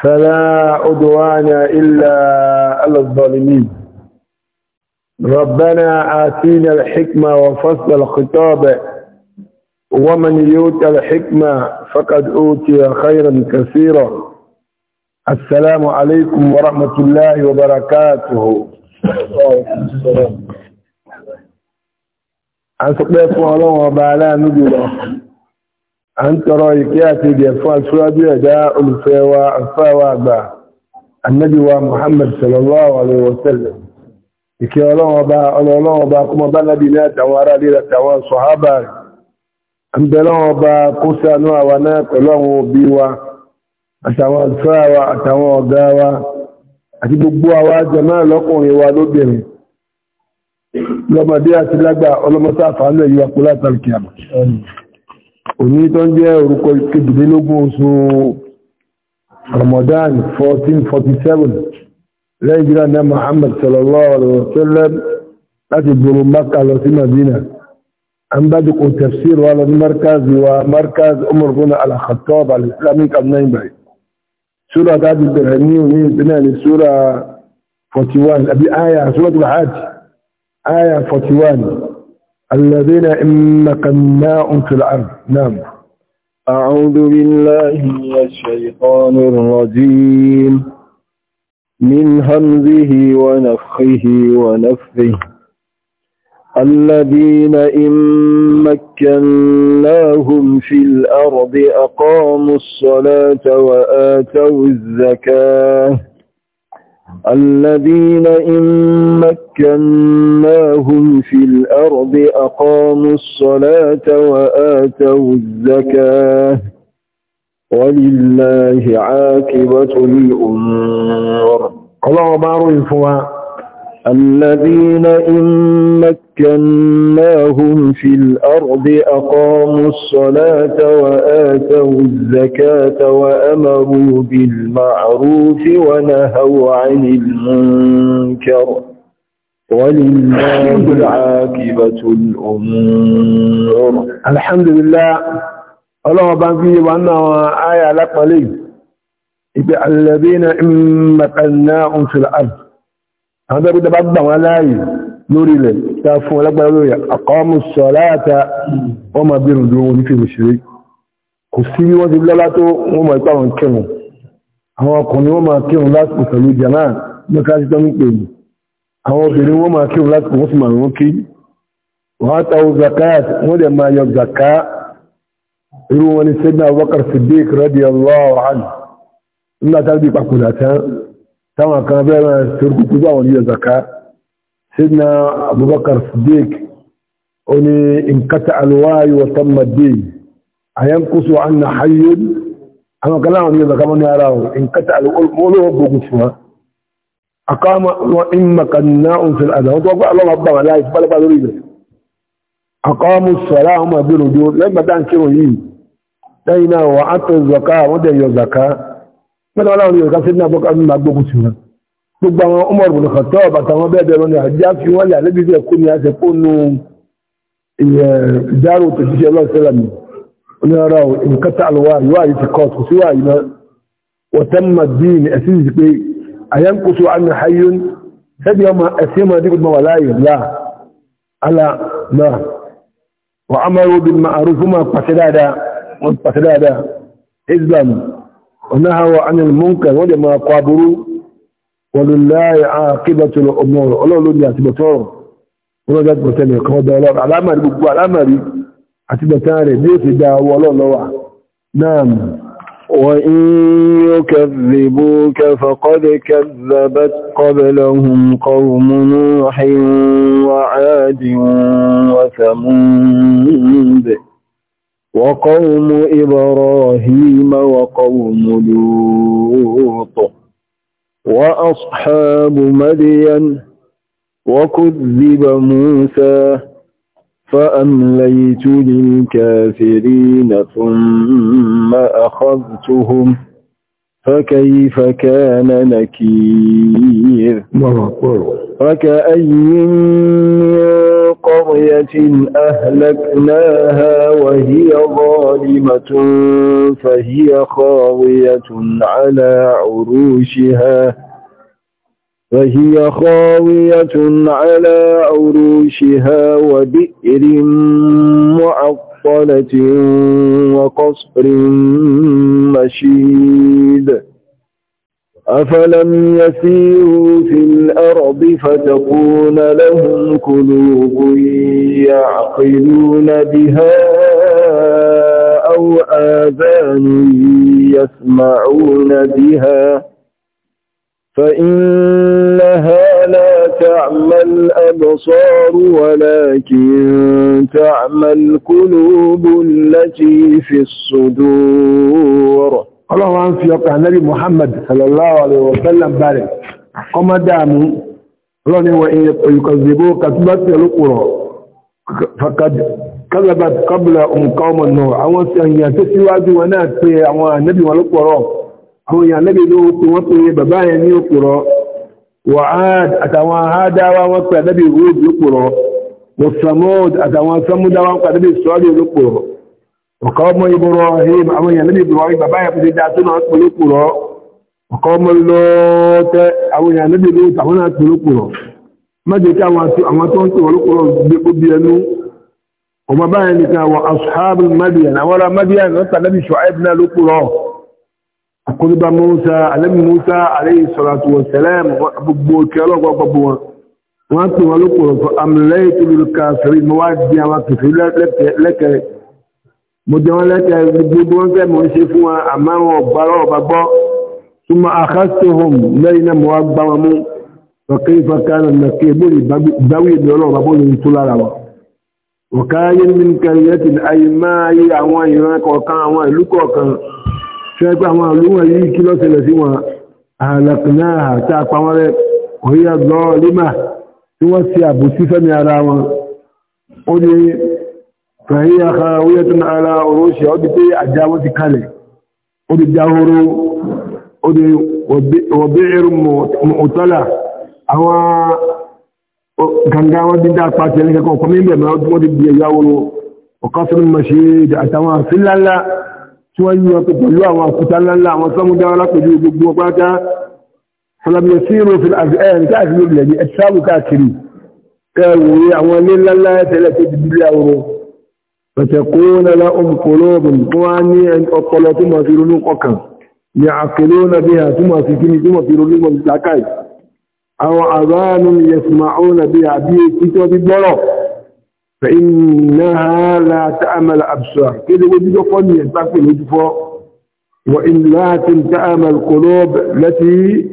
فلا عدوان إلا على الظالمين ربنا آتينا الحكمة وفصل الخطاب ومن يؤت الحكمة فقد أوتي خيرا كثيرا السلام عليكم ورحمة الله وبركاته ورحمة الله وبركاته a ń tọrọ ìkẹ́ àti ìdẹ̀ fún aṣíwájú ẹ̀dá olùfẹ́ wa àfáwà àgbà annabi wa muhammad sallallahu alaihi wasallam ìkẹ́ ọlọ́wọ́ ọba kọmọ bá nábi ní àtàwọn ará lè àtàwọn sọ̀hábà ń bẹ̀lọ́wọ́ ọba kó sánú àwa náà pẹ̀lú àwọn òbí wa àtàwọn àlùfáà wa àtàwọn ọ̀gá wa àti gbogbo àwa jàmá lọ́mọdé àti lágbà ọlọ́mọsáfà náà yíwa pẹ̀lú àtàlùkì àmà òní tó ń jẹ́ orúkọ kejìlélógún oṣù Ramadan 1447 lẹ́yìn jíra ní Muhammad sallallahu alaihi wasallam láti gbòrò Makka lọ sí Madina an bá dùkù tafsir wa lọ ní markaz wa markaz Umar bin al-Khattab al bai sura ta ti bẹ̀rẹ̀ ní òní ìpínlẹ̀ ní sura 41 àbí aya sura tó aya 41 الذين إن مكناهم في الأرض نعم أعوذ بالله من الشيطان الرجيم من همزه ونفخه ونفخه الذين إن مكناهم في الأرض أقاموا الصلاة وآتوا الزكاة الذين إن مكناهم في الأرض أقاموا الصلاة وآتوا الزكاة ولله عاقبة الأمور الله أمر فواه الذين إن مكناهم في الأرض أقاموا الصلاة وآتوا الزكاة وأمروا بالمعروف ونهوا عن المنكر ولله العاقبة الأمور الحمد لله الله بانكي وأنه آية لقليل الذين إن مكناهم في الأرض àwọn tẹ́gbẹ́ tẹ́bá gbà wọn láàyè lórí ilẹ̀ tá fún ọlọ́gbà lórí àkọ́mù sọ láyàtà wọ́n máa bẹ̀rù dúró wọn nífẹ̀ẹ́ òṣèré kò sí bí wọ́n ti lọ́lá tó wọ́n máa ipá wọn kírun àwọn ọkùnrin wọ́n máa kírun lásìkò pẹ̀lú jamaa mẹ́ka sí tọ́mí pè mí àwọn obìnrin wọ́n máa kírun lásìkò wọ́n sì máa rán kí wọ́n ta o zakat wọ́n dẹ̀ máa yọ zaka irú wọn ni Sayyidina Abubakar Siddiq radiyallahu táwọn kan bẹ́ẹ̀ máa torí kúrò àwọn ilé zaka sidna abubakar siddiq ó ní nkata alwaayi wa tamma dee ayan kusu anna hayyun àwọn kan láwọn ilé zaka mọ́ ní ara wọn nkata olówó gbogbo tí wọn akama wa imma kanna un fil adha wọn tó gbọ́ alọ́wọ́ bá wọn láì balaba lórí rẹ̀ akamu sọ̀rọ̀ àwọn ọmọ ẹgbẹ́ rẹ̀ lẹ́gbẹ̀dá ń kírun yìí lẹ́yìn náà wọ́n á tó zaka wọ́n dẹ̀ yọ zaka mẹ́ta ọlọ́run yóò kásẹ̀ ní abọ́ká nínú agbókù sí wọn gbogbo àwọn ọmọ ọ̀rùn kọ̀tọ́ bàtà wọn bẹ́ẹ̀ bẹ̀rẹ̀ ní àjá fi wọ́n lè alẹ́bí bẹ́ẹ̀ kó ní àṣẹ kó nu ìjárò tó ṣiṣẹ́ ọlọ́sẹ̀lẹ̀ mi onírara ìkẹta àlùwà yóò àyè ti kọ́ sí wà yìí wọ́tẹ́m madín ẹ̀sìn ti pé àyẹ́nkóso àmì hayón sẹ́bi ọmọ ẹ̀sìn ọmọ dígbò wà láàyè lá alá náà wà á máa rò bí màá rò fún màá pàṣẹ dáadáa wọ́n pàṣẹ dáadáa islam ونهوا عن المنكر ولما قابروا ولله عاقبة الأمور الله لن يعتبتور ولا جات بتاني قود الله على أمر بقوا على أمر عتبتاني بيس دا والله لوع نعم وإن يكذبوك فقد كذبت قبلهم قوم نوح وعاد وثمود وقوم إبراهيم وقوم لوط وأصحاب مدين وكذب موسى فأمليت للكافرين ثم أخذتهم فكيف كان نكير فكأي من قرية أهلكناها وهي ظالمة فهي خاوية على عروشها فهي خاوية على عروشها وبئر معطلة وقصر مشيد أفلم يسيروا في الأرض فتكون لهم قلوب يعقلون بها أو آذان يسمعون بها فإنها لا تعمى الأبصار ولكن تعمى القلوب التي في الصدور ọlọ́run wá ń fi ọkà nábì Muhammad sallallahu alaihi wasallam bàrẹ̀ kọmọdàmú ọlọ́ni wọ ìkọ̀zìbó kàtúbàtì olókùrọ̀ kalabat qabla nǹkan ọmọ náà àwọn èèyàn tó síwájú wọn náà pé àwọn ànábì wọn lókùrọ̀ àwọn èèyàn nábì ló pé wọ́n pé bàbá yẹn ní òkùrọ̀ wà àtàwọn àádáwà wọn pé ànábì Hud lókùrọ̀ àtàwọn Samúdáwà pé ànábì sọ́ọ̀lì وقام إبراهيم أما ينبي إبراهيم بابا يفضي داتنا أتبلو قرى وقام اللوت أما ينبي لوت أما أتبلو قرى ما جيكا أما تونت ولو قرى بقبيانو وما بانك وأصحاب المدين أولا مدين نطع نبي شعيبنا لو قرى أقرب موسى علم موسى عليه الصلاة والسلام أبو كيلو وأبو وأنت ولو قرى فأمليت للكافرين مواد دي وكفر لك لك mo jẹ wọn lẹ́tẹ̀ gbogbo wọn fẹ́ mọ̀ ń ṣe fún wa àmọ́ wọn ọ̀gbárọ̀ ọba gbọ́ súnmọ́ àkásíhùn lẹ́yìn náà mo wá gbá wọn mú ọ̀kẹ́ ìfọ̀kà náà kí ebó ìdáwí ìlú ọlọ́ọ̀bá bó lè tó lára wa ọ̀ká ayé ní kẹrìyẹ́ ti ayé máa yé فهي خاوية على عروشها وبتي أجاوتي كالي ودي جاهرو ودي وبئر مؤتلة أو كان قاوة دي داك باتي لنك كون قمين بي مرأة ودي بي يجاورو وقصر المشيد أتوا في لا شوية تقلوا وقتا لا وصموا دولة قجوا بقوا باتا فلم يسيروا في الأذئان كافي بلدي أتسابوا كاكري كانوا يعوانين لا تلاتي بلدي أورو فتكون لهم قلوب تواني أقل ثم في رنوقك يعقلون بها ثم في كني ثم في رنوق لكاي أو أذان يسمعون بها بكتاب بلو فإنها لا تعمل أبصار كده وجد فني تقفل هدفه وإن لا تعمل قلوب التي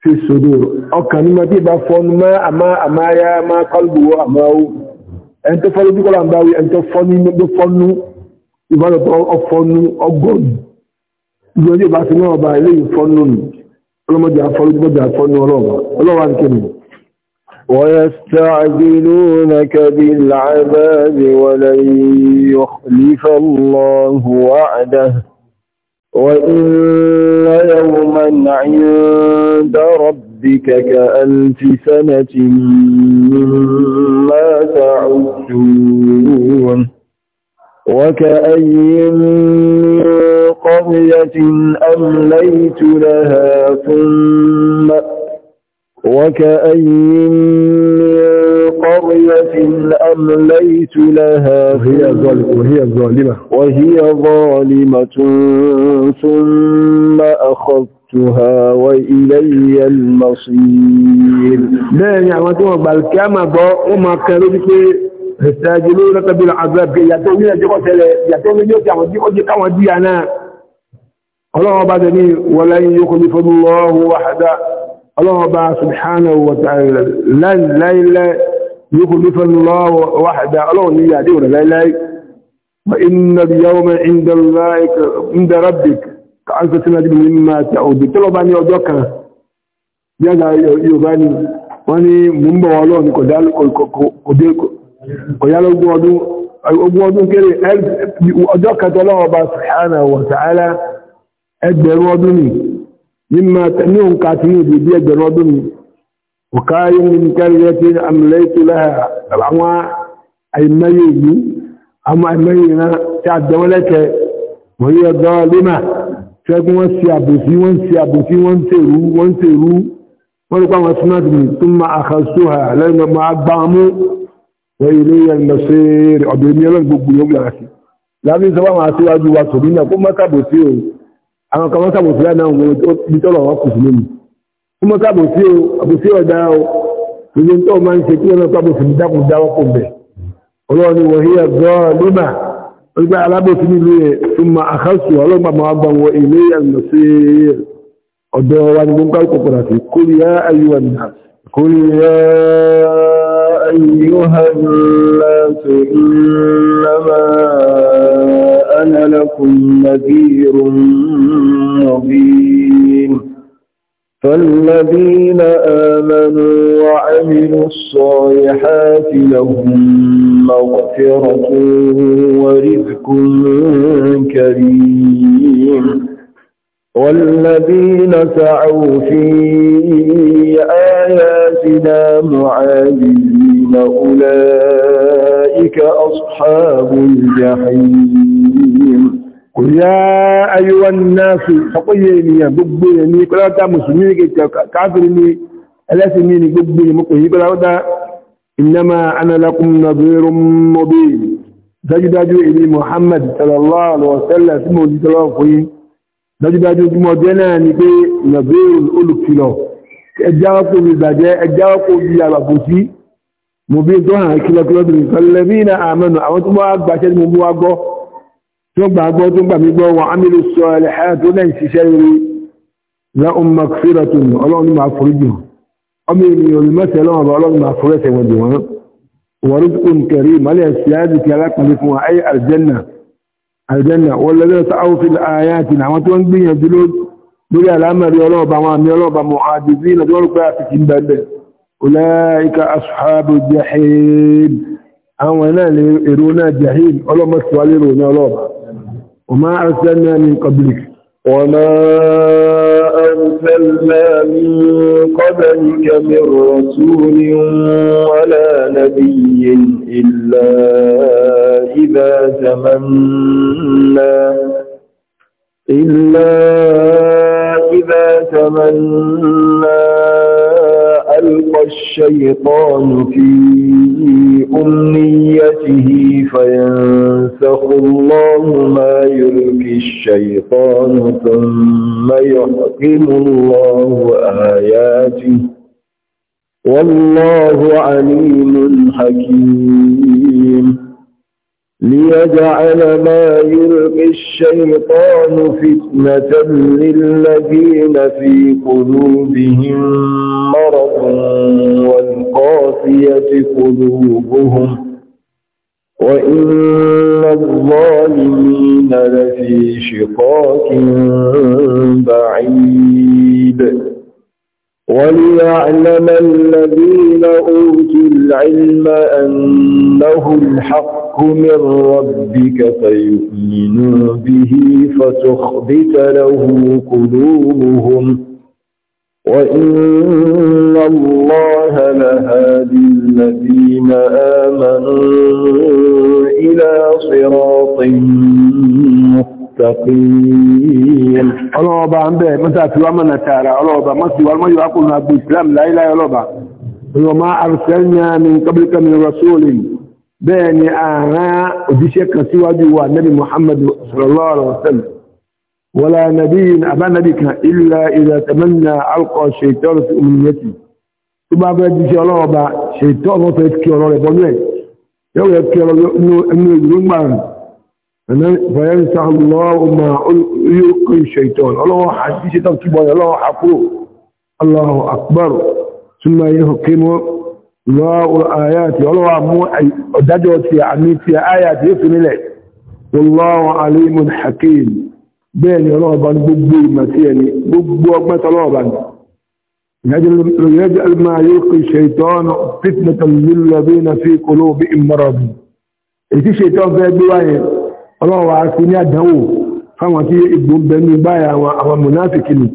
في الصدور أو كلمة بفن ما أما أما يا ما قلبه أما هو ẹni tó fọ́ lójú kọ́lá ń báwí ẹni tó fọ́ nínú tó fọ́nú ìbálòpọ̀ ọfọ́nú ọgọ́nù ìgbà ojú ìbáṣe náà ọba eléyìí fọ́nú nù ọlọ́mọdé afọ́lójúmọdé afọ́nú ọlọ́wà ọlọ́wà ń kéde. ويستعجلونك بالعذاب ولن يخلف الله وعده وإن يوما عند ربك ربك كألف سنة مما تعدون وكأي من قرية أمليت لها ثم وكأي من قرية أمليت لها وهي ظالمة وهي ظالمة وهي ظالمة ثم أخذتها وإلي المصير لا يعمدون بل كما ضاء وما كانوا يستاجلون لك بالعذاب يتوني جغتل يتوني جغتل يتوني جغتل ọlọ́wọ́ bá dẹni wọlé yíò kò ní fọdún lọ́wọ́ wáhádá ọlọ́wọ́ bá subhanahu wa ta'ala láìláìláì يخلف الله وحده ألون ني يدي ولا لا وان اليوم عند الله عند ربك كألف سنة مما تعود تلو باني وجوكا يلا يوباني واني ممبا والله نكو دال كو دي كو يلا غودو ogun ọdún kéré ọjọ́ kẹtọ́lọ́wọ́ bá ṣàánà wọ̀tàálá ẹgbẹ̀rún ọdún ni ní òǹkà tí ní ìdí ẹgbẹ̀rún ọdún ni وكاين من قرية أمليت لها العوى أي ميني أما مينا تعدوا لك وهي ظالمة تكون وانسيابوسي وانسيابوسي وانسيرو وانسيرو ولقوا مسمتني ثم أخذتها لما ما أقباموا وإلي المصير أبيني لن قبوا يوم لغسي láàrin sọ bá máa síwájú wa tòbí náà kó mọ́sàbòsí òun àwọn kan mọ́sàbòsí láì náà wọ́n bí tọ́lọ̀ wọ́n kù sí ó mọ́ sábò sí o àbòsí ọ̀dá o gbogbo tó máa ń ṣe kí wọ́n sábò sí dákùn dáwọ́ kò bẹ̀ ọlọ́run ni wọ̀nyí ẹ̀gọ́ lónà wọ́n gba alábòsí nílùú yẹn tó máa àkásù ọlọ́gbà máa gbà wọ ilé ẹ̀nà sí ọ̀dọ̀ wa ni gbọ́n kọ́ padà sí kórì yá ayúwa nà kórì yá ayúwa nà tó ìlànà أنا لكم نذير مبين فالذين آمنوا وعملوا الصالحات لهم مغفرة ورزق كريم والذين سعوا في آياتنا معاذين أولئك أصحاب الجحيم kò yá ayéwá náà fi sọpọ́yẹ ènìyàn gbogbo ẹ̀ ní pẹ́lọ́dá mùsùlùmí ní káàkiri ní ẹlẹ́sìn ní gbogbo ẹ̀ mọ́kànlá pẹ́lọ́dá ìnáma analakum nàbẹ̀rún mọ́bí dájúdájú ìlú Muhammad sallallahu alaihi wasallam sí mọ̀ òjítọ́lọ́ fún yí dájúdájú tí mọ̀ jẹ́ náà tó gbàgbọ́ tó gbàmí gbọ́ wọn amílù sọ ẹlẹ́hẹ́ tó lẹ́yìn ṣiṣẹ́ rí lẹ́hùn makfiratun ọlọ́run máa foríjì ọmọ ènìyàn lè mẹ́sẹ̀ lọ́wọ́ bá ọlọ́run máa forẹ́sẹ̀ wọ̀dì wọn wọ̀rùkùn kẹrí mọ́lẹ̀ síyáàdì kí alákùnrin fún wọn ayé àrìjẹ́nà àrìjẹ́nà wọn lọ́dọ̀ tó áwọ́ fi ààyè àwọn tó ń gbìyànjú lórí àlámẹ̀rí ọlọ́ọ̀bá wọn àmì ọlọ́ọ̀bá أصحاب الجحيم أولا لإرونا الجحيم أولا ما سوالي الله وما أرسلنا من قبلك وما أرسلنا من قبلك من رسول ولا نبي إلا إذا تمنى إلا إذا تمنى ألقى الشيطان في أمنيته فينسخ الله ما يلقي الشيطان ثم يحكم الله آياته والله عليم حكيم ليجعل ما يلقي الشيطان فتنة للذين في قلوبهم مرض والقاسية قلوبهم وإن الظالمين لفي شقاق بعيد وليعلم الذين أوتوا العلم أنه الحق من ربك فيؤمنوا به فتخبت له قلوبهم وإن الله لهادي الذين آمنوا إلى صراط مستقيم الله أبا بيه مثلا في ومن تعالى الله أبا مسي أقول أقولنا بإسلام لا إله إلا الله وما أرسلنا من قبلك من رسول بين آراء وديشك هو النبي محمد صلى الله عليه وسلم ولا نبي أبا نبي إلا إذا تمنى ألقى الشيطان في أمنيتي ثم أبا ديش الله أبا شيطان وصل يتكي الله لبنوه يو يتكي الله أنه يجرون معنا فينسح الله ما يلقي الشيطان الله حديث الشيطان كبير الله حفوه الله أكبر ثم يحكمه lọ́wọ́ àyàtì ọlọ́wà mú ọ̀dájọ́ ti àmì ti àyàtì yóò fi nílẹ̀ wọ́lọ́wọ́ alímùn hakim bẹ́ẹ̀ ni ọlọ́ọ̀bá ní gbogbo ìmọ̀ sí ẹni gbogbo ọgbẹ́ta ọlọ́ọ̀bá ni يجعل ما يلقي الشيطان فتنة للذين في قلوبهم مرض èyí ṣètọ́ fẹ́ gbé wáyé ọlọ́wà sí ní àdánwò fáwọn tí ìgbò ń bẹnu báyà àwọn mùnáfikì ni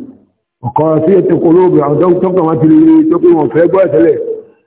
ọ̀kọ̀ sí ètò kòlóòbì àwọn tó ń tọ́kàn wọn ti rí tó pé wọn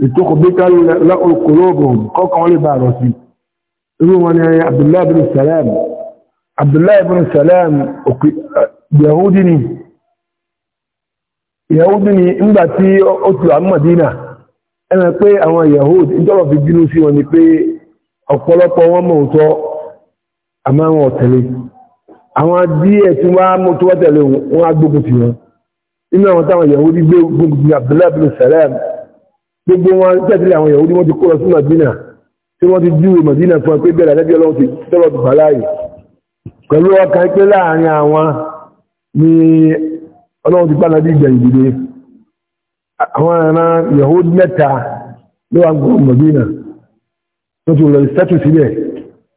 لتخبط لأوا قلوبهم قوقا ولبع رسي يقولون يا عبد الله بن السلام عبد الله بن السلام يهودني يهودني nígbà tí ó ti wà Mádínà ẹnà pé àwọn Yahud ìjọba fi bínú sí wọn ni pé ọ̀pọ̀lọpọ̀ wọn mọ̀ òótọ́ àmọ́ àwọn ọ̀tẹ̀lẹ̀ àwọn díẹ̀ tí wọ́n mú tó wọ́tẹ̀lẹ̀ wọn á ti wọn nínú àwọn táwọn Yahudi gbé gbógun gbogbo wọn tẹ́tẹ́lẹ̀ àwọn Yahudi wọ́n ti kó lọ sí Madina tí wọ́n ti júwe Madina fún ẹ pé bẹ̀rẹ̀ àdẹ́bí ọlọ́run ti tọ́lọ̀ tó bàláyé pẹ̀lú ọkàn pé láàrin àwọn ni ọlọ́run ti pàdánù ìgbà ìdílé àwọn ará Yahudi mẹ́ta ló wà gbọ́ Madina tó ti lọ sẹ́tù sílẹ̀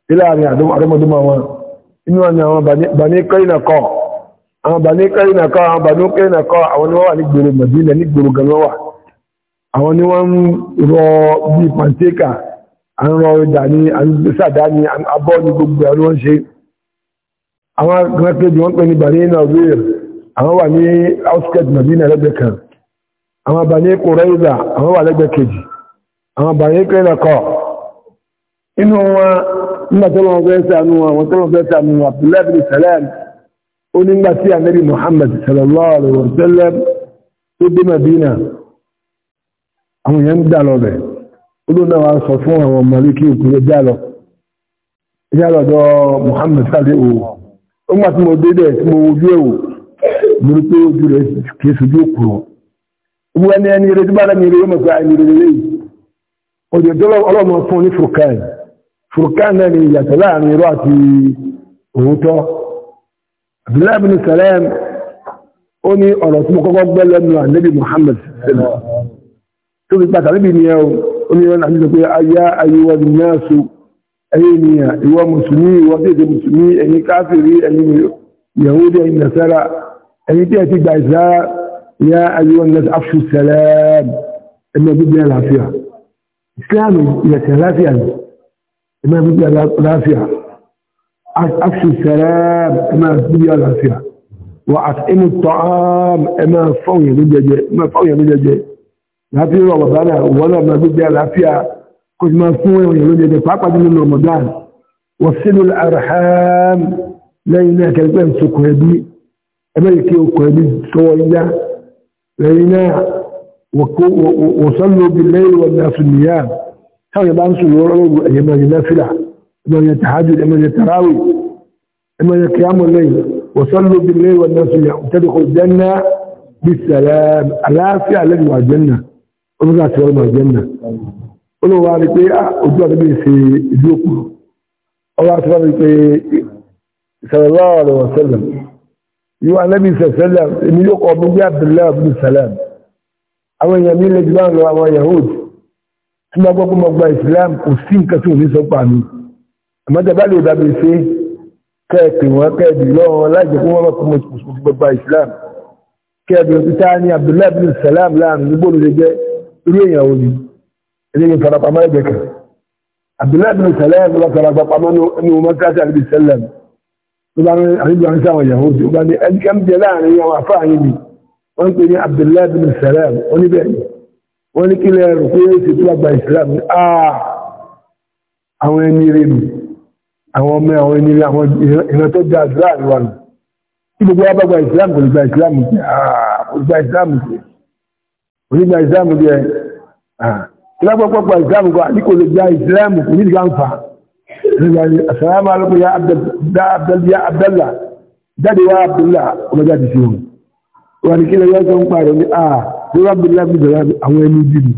tí láàrin àdọ́mọdọ́mọ wọn inú wọn ni àwọn Bani Kaina kọ́ àwọn Bani Kaina kọ́ àwọn Bani Kaina kọ́ àwọn ni wọ́n wà ní gbòòrò Madina ní gbòòrò gan wọ́n wà àwọn ni wọ́n ń rọ bí pàntíkà à ń rọ ìjà ní àgbésàdá ní abọ́ ní gbogbo ẹ̀rọ wọ́n ṣe àwọn akẹ́kẹ́jì wọ́n pè ní bàní nàìjíríà àwọn wà ní outskirt nàìjíríà lẹ́gbẹ̀ẹ́ kan àwọn bàní kòrẹ́ìzà àwọn wà lẹ́gbẹ̀ẹ́ kejì àwọn bàní kẹ́nàkọ́ inú wọn nígbà tó lọ́wọ́ fẹ́ sànú àwọn tó lọ́wọ́ fẹ́ sànú Abdullahi bin Salam ó nígbà tí Ànábì Muhammad sallallahu alaihi wa sallam tó dé Madina àwọn èèyàn ń dà lọ bẹ̀ olóòdà wa sọ fún àwọn mọ̀lẹ́kí òkúrẹ́ já lọ já lọ dọ́ Muhammad sáré o ó gbà tí mo dé dẹ̀ tí mo wojú ẹ̀wò mo rí pé ojú rẹ̀ kìí sojú òkúrọ̀ gbogbo ẹni ẹni rẹ̀ tí bá rẹ̀ mi rẹ̀ yóò mọ̀ pé àìní rẹ̀ lẹ́yìn ọjọ́ ìjọba ọlọ́mọ fún ní furkan furkan náà ni ìyàtọ̀ láàrin irọ́ àti òótọ́ Abdullahi bin Salam ó ní ọ̀rọ̀ tí mo kọ́kọ́ gbẹ́ lẹ́nu ànábì Muhammad sallallahu tó fi pàtàkì níbi ni ẹ̀rù oníwọ̀n àti ìjọpẹ́ ayá ayíwọ̀ nìyànṣù ẹ̀yìn ènìyàn ìwọ mùsùlùmí ìwọ tètè mùsùlùmí ẹ̀yin káfìrí ẹ̀yin yahudi ẹ̀yin nasara ẹ̀yin tí ẹ ti gba ìsá ya ayíwọ̀ nìyànṣù afṣù sẹlẹ̀m ẹ̀mẹ́ gbígbé àlàáfíà islam ìrẹsẹ̀ àlàáfíà ni ẹ̀mẹ́ gbígbé àlàáfíà afṣù sẹlẹ̀m ẹ̀mẹ́ gbígbé àlàáfíà wà àtẹ̀mù tọ́ láti rọ̀ bàbá náà wọ́n náà máa gbé àlàáfíà kò sì máa fún ẹ̀wọ̀n ìlú jẹjẹ pàápàá nínú Ramadan wọ́n sínú arham lẹ́yìn náà kẹ́lẹ́pẹ́ ń sokùn ẹbí ẹbẹ́ yìí kí okùn ẹbí sọwọ́ yá lẹ́yìn náà wọ́n sọ́nà obì lẹ́yìn wọn náà sùn níyà táwọn yẹn bá ń sùn lọ́rọ́ lọ́rọ́ ẹ̀yẹ máa yẹn náfìlà ẹ̀mọ̀ yẹn tàhájú ẹ̀mọ̀ yẹn tàráwì ẹ̀mọ̀ yẹn kìámù lẹ́yìn wọ́n sọ́nà obì lẹ́yìn wọn náà sùn níyà tẹ́lẹ̀ kò jẹ́ náà bí sàlẹ̀ àlàáfíà lẹ́yìn wà jẹ́ náà onígbà tí wọ́n mọ̀ jẹ́ nà olówó rí pé ah, ojú àti bíi ṣe ìlú òkú ọwọ́ àti wọ́n rí pé sallallahu alaihi wasallam yíò anábì sẹ̀sẹ̀lẹ̀ èmi yóò kọ́ ọdún bí abdullahi abdul salam àwọn èèyàn mi lè jùlọ lọ àwọn yahood tí wọ́n gbọ́ pé mo gba islam wọn kẹ́ẹ̀dì lọ́wọ́ láì jẹ́ kó wọ́n mọ̀ pé mo gba islam kẹ́ẹ̀dì òkúta ní abdullahi abdul salam láàrin nígbòdò lè jẹ́ irú èèyàn ò ní ẹni ní farapamọ́ ẹgbẹ́ kan abdullahi bin salam ló farapamọ́ ní ọmọ kíláàsì àbíbi sẹlẹm ló bá ní àbíbi àwọn sáwọn ìyàwó tí ó bá ní ẹni kẹ́ ń jẹ láàrin àwọn afáà yìí ni wọ́n ń pè ní abdullahi bin salam wọ́n ní bẹ́ẹ̀ ni wọ́n ní kílẹ̀ rò pé ó sì tún àgbà ìsìlámù àwọn ẹni rẹ̀ nù àwọn ọmọ àwọn ẹni rẹ̀ àwọn ìran tó dáa láàrin wa nù gbogbo abágbà ìsìlámù kò lè gba ìsìlámù kò onígbà ìsìlámù bí ẹ ìlápọ̀pọ̀pọ̀ ìsìlámù kọ́ àdíkò lè gba ìsìlámù kò ní ìgbà ń fa assalamu alaikum ya abdallah jáde wá abdallah ọmọdé àti ṣe òun wà ní kílẹ̀ yọ́ sọ ń pààrọ̀ ní à ní wọ́n abdallah bí bẹ̀rẹ̀ àwọn ẹni jìbì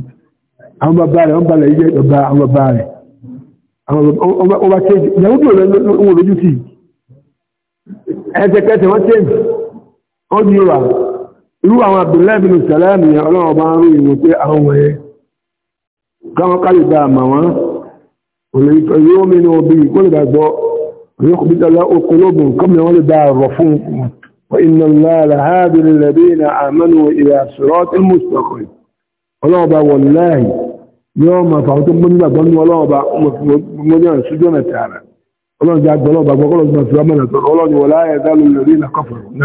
àwọn bàbá rẹ̀ wọ́n balẹ̀ yíyẹ ìjọba àwọn bàbá rẹ̀ ọba change ìyàwó tó rẹ̀ wọ́n lójú sí ẹsẹ̀kẹsẹ̀ wọ́n change ó ní wà irú àwọn abdullahi bin salami ọlọ́wọ́ ń rí ìwò pé àwọn wọ̀nyẹ káwọn kálìdá àmà wọn olùyíkọ yóò mí ga kó lè bá gbọ́ yóò kò bíta lọ lè bá rọ̀ fún wa inna Allaha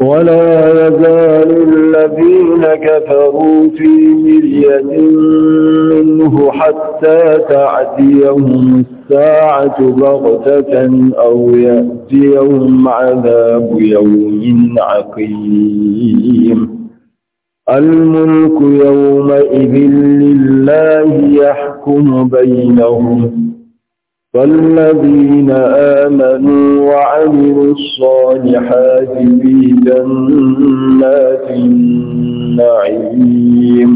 ولا يزال الذين كفروا في مرية منه حتى تعديهم الساعة بغتة أو يأتيهم عذاب يوم عقيم الملك يومئذ لله يحكم بينهم فالذين آمنوا وعملوا الصالحات في جنات النعيم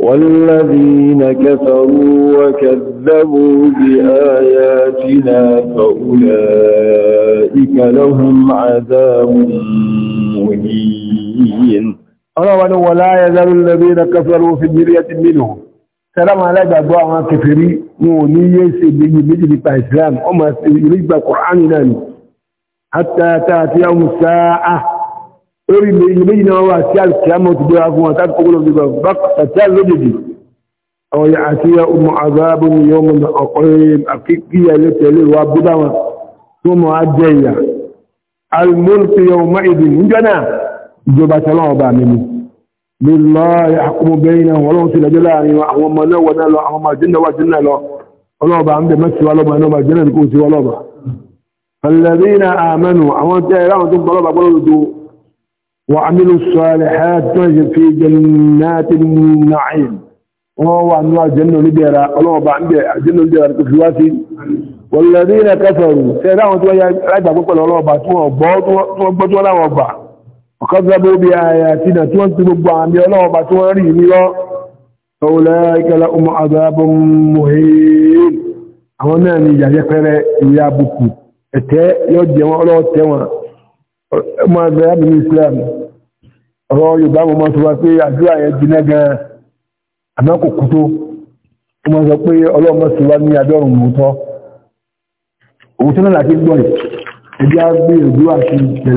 والذين كفروا وكذبوا بآياتنا فأولئك لهم عذاب مهين أنا ولا يزال الذين كفروا في مرية منهم sẹ́láwọn alágbàgbọ́ àwọn kèfèrí wọn ò ní yé ṣe ìgbéyì méjì nípa Islam wọ́n máa ṣe ìrìgbà Kùránì náà ni àtàtà àti àwọn sáà lórí ìgbéyì méjì náà wà sí àkíyàmọ̀ ti bóra fún wọn tàbí kókòrò ìgbà bákàtà lójèjì àwọn بالله يحكم بينهم ولو سلا جلاني وهم ما نونا له وهم جنة وجنة له ولو بعمد مس ولو بعنو ما جنة الكوسي ولو بع فالذين آمنوا أمان تيران ثم طلب قلدوا وعملوا الصالحات تجد في جنات النعيم وهو أنواع جنة لبيرا ولو بعمد جنة لبيرا الكوسي والذين كفروا تيران ثم يجب أن يقول الله بعد ثم بوت ثم بوت ولا وبعد وكذبوا بآياتنا تونتبوا بعميانا وبتواري ميرا أولئك لهم عذاب مهين أولا نجا يقرأ يا بكو أتى يجي ولا أتى ما ذهب الإسلام ọ̀rọ̀ Yorùbá mo máa sọ wá pé àdúrà yẹn jiná gan-an àmọ́ kò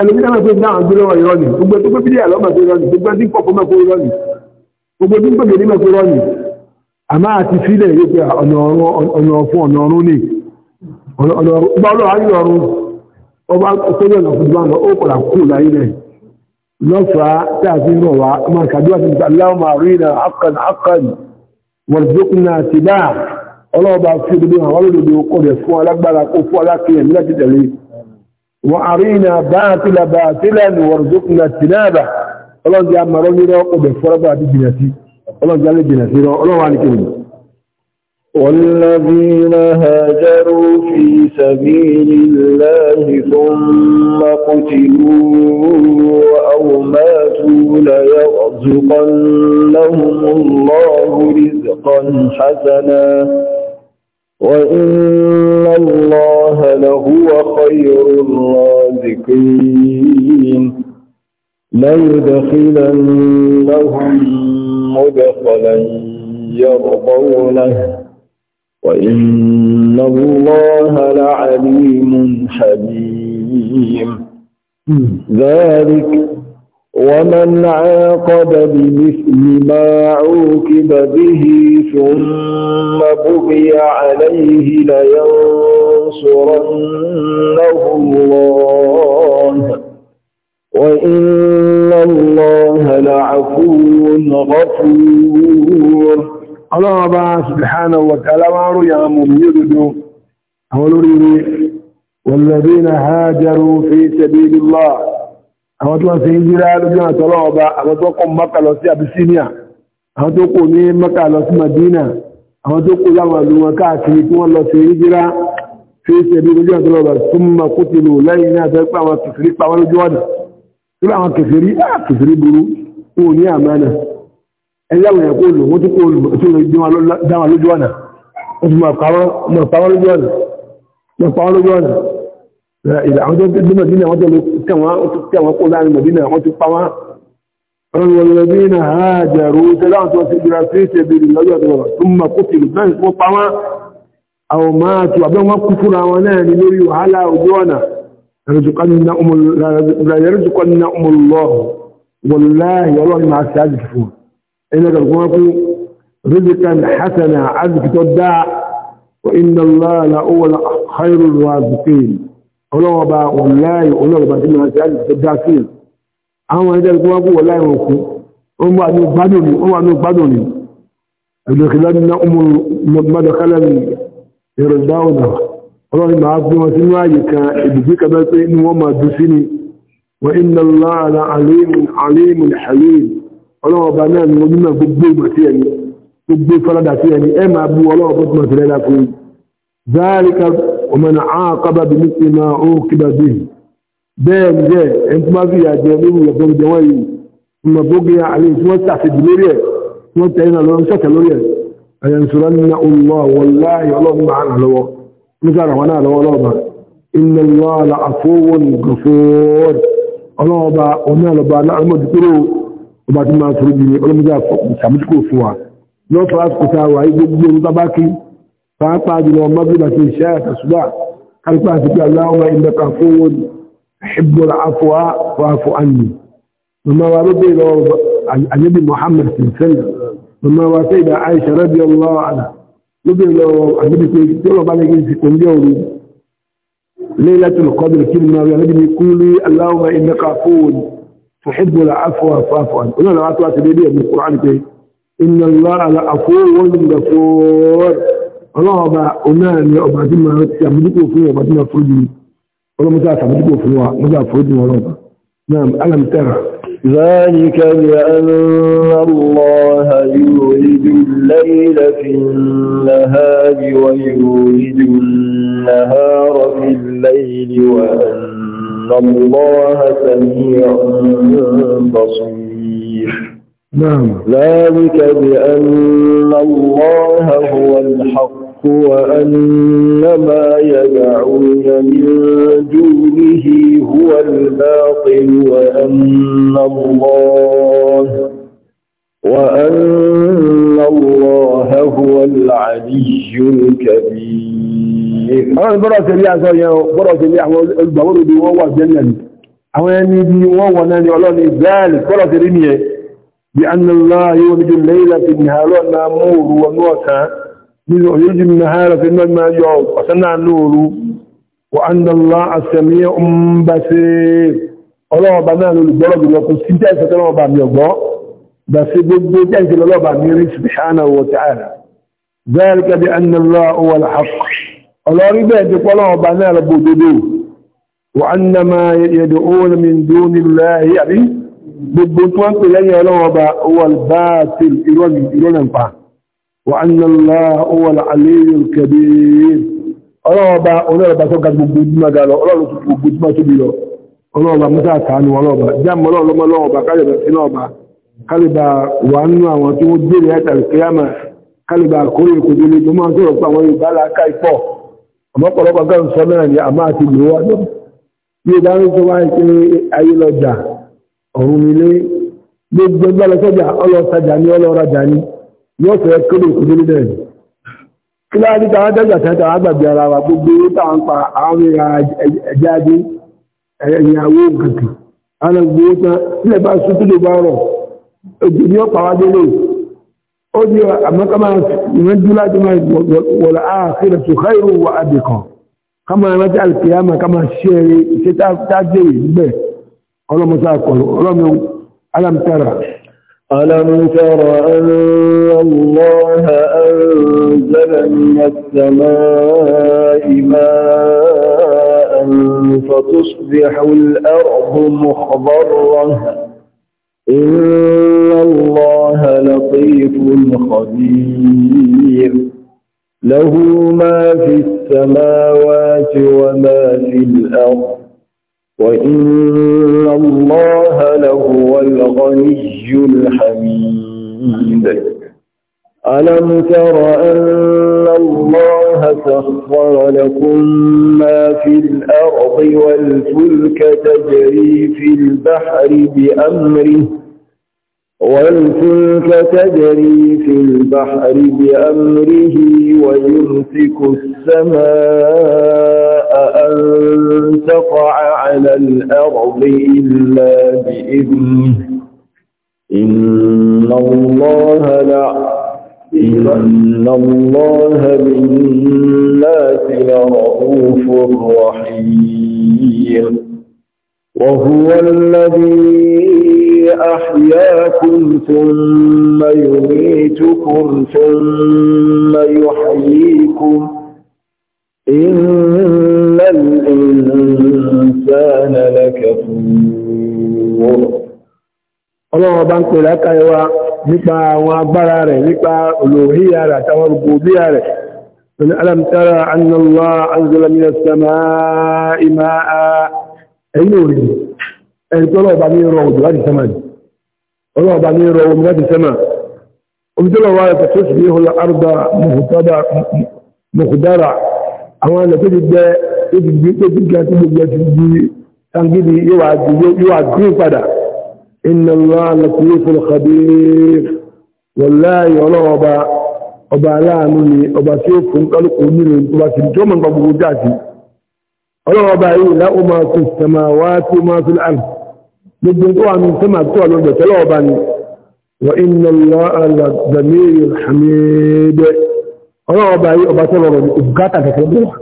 ẹlòmí náà tó dáhùn gbé lọ́wọ́ irọ́ ni gbogbo tó pépé díẹ̀ lọ́mọ̀ tó irọ́ ni gbogbo tí ń pọ̀pọ̀ mẹ́kó irọ́ ni gbogbo tí ń pèmè ní mẹ́kó irọ́ ni àmá àti sílẹ̀ yóò pé ọ̀nà ọ̀fún ọ̀nà ọ̀run ọba ọlọ́wà ní ọ̀run ọba sọ́jọ́ ọ̀nà fún ìbáná ó kọ̀là kú láyé rẹ̀ lọ́fàá tí a fi ń rọ̀ wá ọmọ kàdúrà ti aláwọ̀ máa rí na وأرينا باطلا باطلا وارزقنا اجتنابه الله jẹ́ àmàrọ́ nírọ́ ọbẹ̀ fọ́rọ́bà àti جناتي الله ọlọ́run jẹ́ alẹ́jìnà sí ọlọ́run والذين هاجروا في سبيل الله ثم قتلوا أو ماتوا ليرزقنهم الله رزقا حسنا وإن الله لهو خير الرازقين ليدخلنهم مدخلا يرضونه وإن الله لعليم حليم ذلك ومن عاقب بمثل ما عوقب به ثم بغي عليه لينصرنه الله وإن الله لعفو غفور الله سبحانه وتعالى وعروا يا مميرد أولوري والذين هاجروا في سبيل الله àwọn tó wọ́n ṣe ìjírá lójú àtọ́lọ́ ọba àwọn tó kọ́ mọ́kà lọ sí Abyssinia àwọn tó kò ní mọ́kà lọ sí Madina àwọn tó kò láwọn ìlú wọn káàkiri tí wọ́n lọ ṣe ìjírá fi ṣe bí lójú àtọ́lọ́ ọba tó mọ́ kó ti lò lẹ́yìn ní àmánà ẹ̀yà lójú ọ̀nà àwọn tó dé Mẹdínà wọ́n tó tẹ̀ wọ́n kó láàrin Mẹdínà wọ́n ti pa wọ́n الذين هاجروا تلعت وسجرة في سبيل الله ثم قتلوا من وطما أو ماتوا أبدا ما كفر ونان نري على رجوانا لا يرزقن أم الله والله والله مع السعادة الكفور إنك القمق رزقا حسنا عزك تدع وإن الله لأول خير الرازقين ọlọ́wọ́ba wọ̀láì olóòrùbá tí wọ́n ti láti tó dá sí àwọn ẹgbẹ́ tó wá kú wọ̀láì wọn kú wọ́n wà ní gbádùn ní wọ́n wà ní gbádùn ní ẹgbẹ̀kìlá ní mọ́dọ̀kálẹ̀ ní yorùbá ọ̀nà ọlọ́rin máa fi wọn sínú ààyè kan ibùgbé kẹfẹ́ pé ní wọ́n máa dùn sí ni wọ́n iná láàrín alimun alimun ومن عاقب بمثل ما عوقب به بين جاء انت ما في يا جميل يا بن جوي ثم بقي عليه توسع في الدنيا وانت هنا لو انسك لوريا ينصرن الله والله اللهم معنا لو نزار وانا لو لو ان الله لعفو غفور الله با وانا لو با نعم ذكروا وبعد ما ترجي الله مجا سامتكو فوا لو فاس كتا واي غبو تباكي فأطعد المغربة إشاءة أصبع قال فاتك اللهم إنك أقول أحب العفو وأعف عني مما ربي إلى النبي محمد صلى الله عليه وسلم مما واتي إلى عائشة رضي الله عنها ربي إلى النبي صلى الله عليه وسلم قال لك اليوم ليلة القدر كلمة يا نبي قولي اللهم إنك أقول تحب العفو وأعف عني قلنا لا أطلع سبيلية من القرآن الكريم إن الله لعفو غفور ọlọ́ọ̀ba onáà ni ọba tí máa ti àmójúkò fún ọba tí máa fojú ọlọ́mọta àtàmójúkò fún wa mọ́ta fojú ọlọ́ọ̀ba náà alamtara ذلك بأن الله يولد الليل في النهار ويولد النهار في الليل وأن الله سميع بصير نعم ذلك بأن الله هو الحق وأنما يدعون من دونه هو الباطل وأن الله وأن الله هو العلي الكبير أنا برا سريع سريع برا سريع البور دي وهو جنة أو يعني دي وهو ناني علوني ذلك برا سريع بأن الله يولد الليل في النهار ونامور ونوسع يجي النهار في الماء يوم وسنع النور وأن الله السميع بصير ọlọ́ọ̀bá náà ló lùgbọ́lọ́gbì lọ kò sí jẹ́ ìfẹ́tọ́lọ́ọ̀bá mi ọgbọ́ bá sí gbogbo jẹ́ ìfẹ́lọ́ọ̀bá mi rí subhanahu wa ta'ala ذلك بأن الله هو الحق ọlọ́rí bẹ́ẹ̀ ti pọ́lọ́ọ̀bá náà lọ bòdodo وأن ما يدعون من دون الله àbí gbogbo tí wọ́n pè lẹ́yìn ọlọ́ọ̀bá هو الباطل ìrọ́nà ìrọ́nà ìfà وأن الله هو العلي الكبير ọlọ́ọ̀bá olóòrọ̀bá tó ga gbogbo ìdúmọ̀ ga lọ ọlọ́run tó gbogbo ìdúmọ̀ tóbi lọ ọlọ́ọ̀bá mọ́ta àtàánù ọlọ́ọ̀bá jáàmù ọlọ́ọ̀lọ́mọ ọlọ́ọ̀bá kálíbà sílọ́ọ̀bá kálíbà wà nínú àwọn tí wọ́n gbére ẹ̀ta ìkéyàmà yóò fẹ́ kéré òkú délé náà kí láà ní tàwọn dẹ́gbà tẹ́ta àgbàgbé ara wa gbogbo owó tàà ń pa àwọn ìhà ẹ̀jẹ̀ ajé ẹ̀yìn àwọ̀ òkìkì àwọn gbogbo tán sílẹ̀ bá sún sílẹ̀ bá rọ̀ òjò ní ọ̀pá wa délé ó di àmọ́kámá ìwọ́n dúró láti máa wọ̀lá àkìrẹ̀ tó káyọ̀ wọ adì kan kámá rántí àlùkìyàmà kámá ṣẹ́ẹ̀rẹ̀ iṣẹ́ tá ألم تر أن الله أنزل من السماء ماء فتصبح الأرض مخضرة إن الله لطيف خبير له ما في السماوات وما في الأرض وإن الله لهو الغني الحميد ألم تر أن الله سخر لكم ما في الأرض والفلك تجري في البحر بأمره والفلك تجري في البحر بأمره ويمسك السماء أن تقع على الأرض إلا بإذنه إن الله لا إن الله بالناس لرؤوف رحيم وهو الذي أحياكم ثم يميتكم ثم يحييكم إن الإنسان لكفور ọlọ́run ọba ń pè lákàáyé wa nípa àwọn agbára rẹ̀ nípa olóhíyà rẹ̀ àtàwọn rúgbòbíyà rẹ̀ من ألم ترى أن الله أنزل من السماء ماء أيوري أن ترى بعدين روض غادي سماء الله بعدين روض غادي سماء ومثل الله فتصبح الأرض مهتدى مخدرة àwọn àlẹ́kẹ́dẹ́gbẹ́ tó ti gbé tó ti ga tí gbogbo ẹ̀ ti di tangidi yóò wà gírín padà inna Allah latiful khabir wallahi ọlọ́wọ́ ọba ọba aláàánú ni ọba tí ó fún kálukú nínú tó bá ti tó mọ̀ nípa gbogbo jáde ọlọ́wọ́ ọba yìí láwọn máa fi sàmà wá tí máa fi láàmù gbogbo tó wà ní sàmà tó wà lọ́dọ̀ tẹ́lẹ̀ ọba ni wa inna Allah latiful khabir ọlọ́wọ́ ọba yìí ọba tẹ́lẹ̀ ọba ni òbúkátà kẹ̀kẹ́ bí wà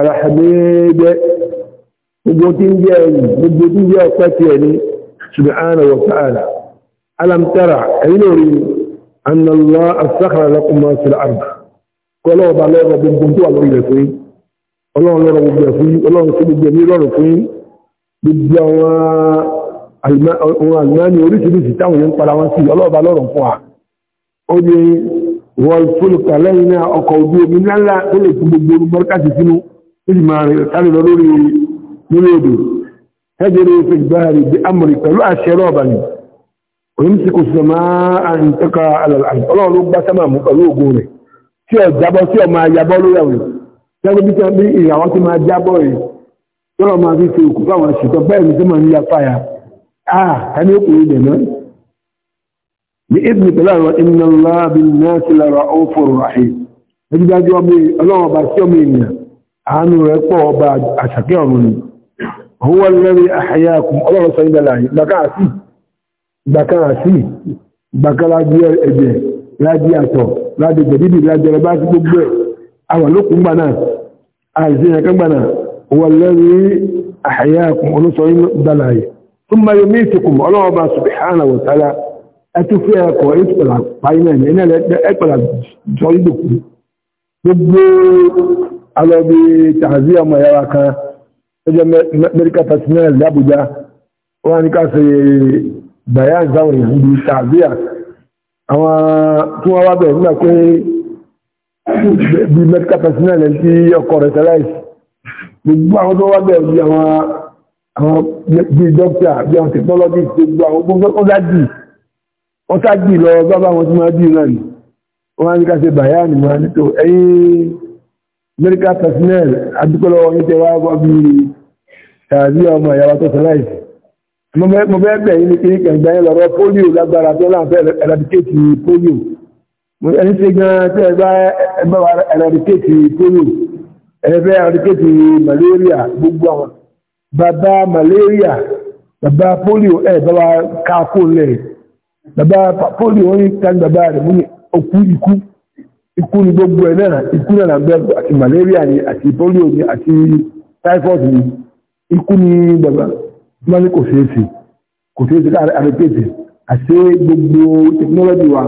alàhàmẹ́gbẹ́ gbogbo tí ń jẹ́ ẹ̀yìn gbogbo tí ń jẹ́ ọ̀pẹ́ ti ẹ̀ní subhanahu wa ta'ala alam tara ẹ̀yìn lórí anna Allah sakhkhara lakum ma fil ard kọ́lọ́ ọba lọ́rọ̀ gbogbo tó wà wọ́n fúlùkà lẹ́yìn náà ọkọ̀ ojú omi ńláńlá tó lè fún gbogbo orúkọ lórí máa rẹ̀ tàbí lọ lórí lórí odò ẹgbẹ̀rẹ̀ ìfẹ́ ìgbáàrí bí amòrì pẹ̀lú àṣẹ rọ́ọ̀bà ni onímsìkò sọ ọlọ́run ló gbá sámà mú pẹ̀lú ògùn rẹ̀ tí ọ jábọ́ tí ọ tí máa jábọ́ rẹ̀ máa fi ya àánú rẹ̀ pọ̀ ọba àṣàkẹ́ ọ̀run ni huwa alladhi ahyaakum ọlọ́run sọ ilẹ̀ láàyè gbàkáàsì gbàkáàsì gbàkáàlájú ẹ̀jẹ̀ lájú àtọ̀ lájú jẹ̀dídì lájú ẹ̀rọ gbogbo ẹ̀ àwọn olókùn gbà kan gbà náà huwa alladhi ahyaakum ọlọ́sọ ilẹ̀ alọ́bí tààzí ọmọ ẹ̀yára kan ẹjọ́ mẹ́ríkà tàtínáà lábújá wọ́n ní ká ṣe bayan záwọn ìhùndú tààzí àwọn tí wọ́n wá bẹ̀rẹ̀ nígbà pé bí mẹ́ríkà tàtínáà lẹ́n tí ọkọ̀ rẹ̀ tẹ́láìsì gbogbo àwọn tó wá bẹ̀rẹ̀ bí àwọn bí dókítà bí àwọn tẹkinọ́lọ́jì gbogbo àwọn gbogbo wọ́n sá medical personnel adúgbòlò wọn tẹ wá wọ́n bí tàbí ọmọ ìyàwó tó sọ láìsí mo fẹ́ bẹ̀ yín ní kí ní kẹ̀ǹgbà yẹn lọ́rọ́ polio lágbára tó láǹfẹ́ eradicate polio mo ẹni ṣe gan tẹ́ ẹ ẹgbẹ́ wa eradicate polio ẹgbẹ́ eradicate malaria gbogbo àwọn bàbá malaria bàbá polio ẹ bá wa ká bàbá polio wọ́n yí ká bàbá rẹ̀ mú ní òkú ikú ikú ni gbogbo ẹ̀ náà ikú náà bẹ́ẹ̀ àti malaria ni àti polio ni àti typhoid ni ikú ni bàbá máa ní kò ṣeé ṣe kò ṣeé ṣe àrẹ́pẹ̀tẹ̀ àti gbogbo technology wa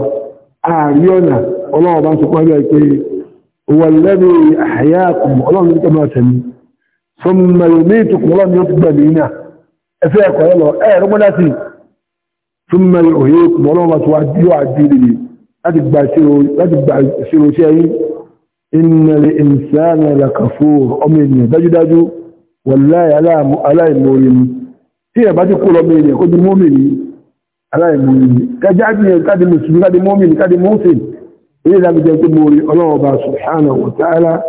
ààrí ọ̀nà ọlọ́run bá ń sọpọ̀ ẹgbẹ́ pé wọ́n lẹ́nu àyàkùn ọlọ́run ní kẹ́mọ́ ọ̀sẹ̀ mi sọmọ ìròmí mí náà ọlọ́run bá ti láti gba ìṣirò sí ẹyí innal insana lakafur ọmọ ènìyàn dájúdájú wallahi aláìmòrì ni tí ẹ̀bá ti kó lọmọ ènìyàn kó di mọ́mìnì aláìmòrì ni kájá bí i kádi mùsùlùmí kádi mọ́mìnì kádi mọ́sìn èyí láti jẹ́ pé mọ́rí ọlọ́ọ̀bá subhanahu wa ta'ala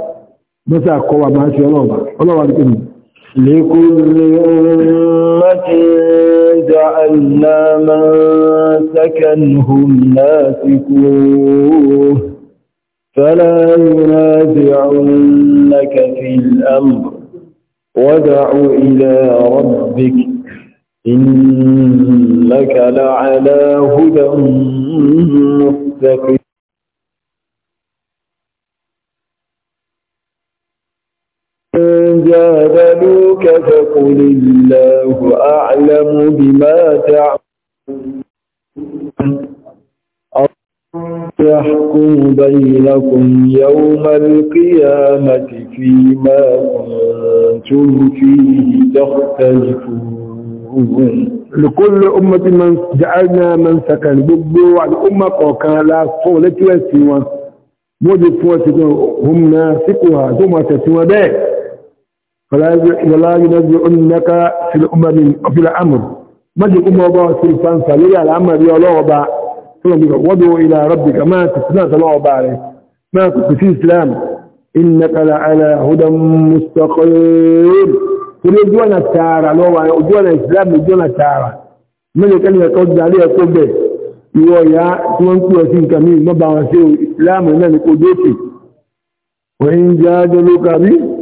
جَعَلْنَا من سكنهم ناسكوه فلا ينازعنك في الأمر ودع إلى ربك إنك لعلى هدى مستقيم قل الله أعلم بما تعملون يحكم بينكم يوم القيامة فيما كنتم فيه تختلفون لكل أمة من جعلنا من سكن ببو على أمة قوكان لا صولة وسيوة موجب فوسكم هم ناسقها ثم تسوى بيه ولا ينبئنك في الأمم في الأمر ما جي أمه بها سلطان فليا الأمر يا الله با ودعو إلى ربك ما تسنات الله با ما كنت في إسلام إنك لعلى هدى مستقيم كل يجوانا التارة لو يجوانا إسلام يجوانا التارة ما جي كان يقول عليها قبه يويا تنكو يسين كمين ما بها سيو من إنني قدوتي وإن جادلوك به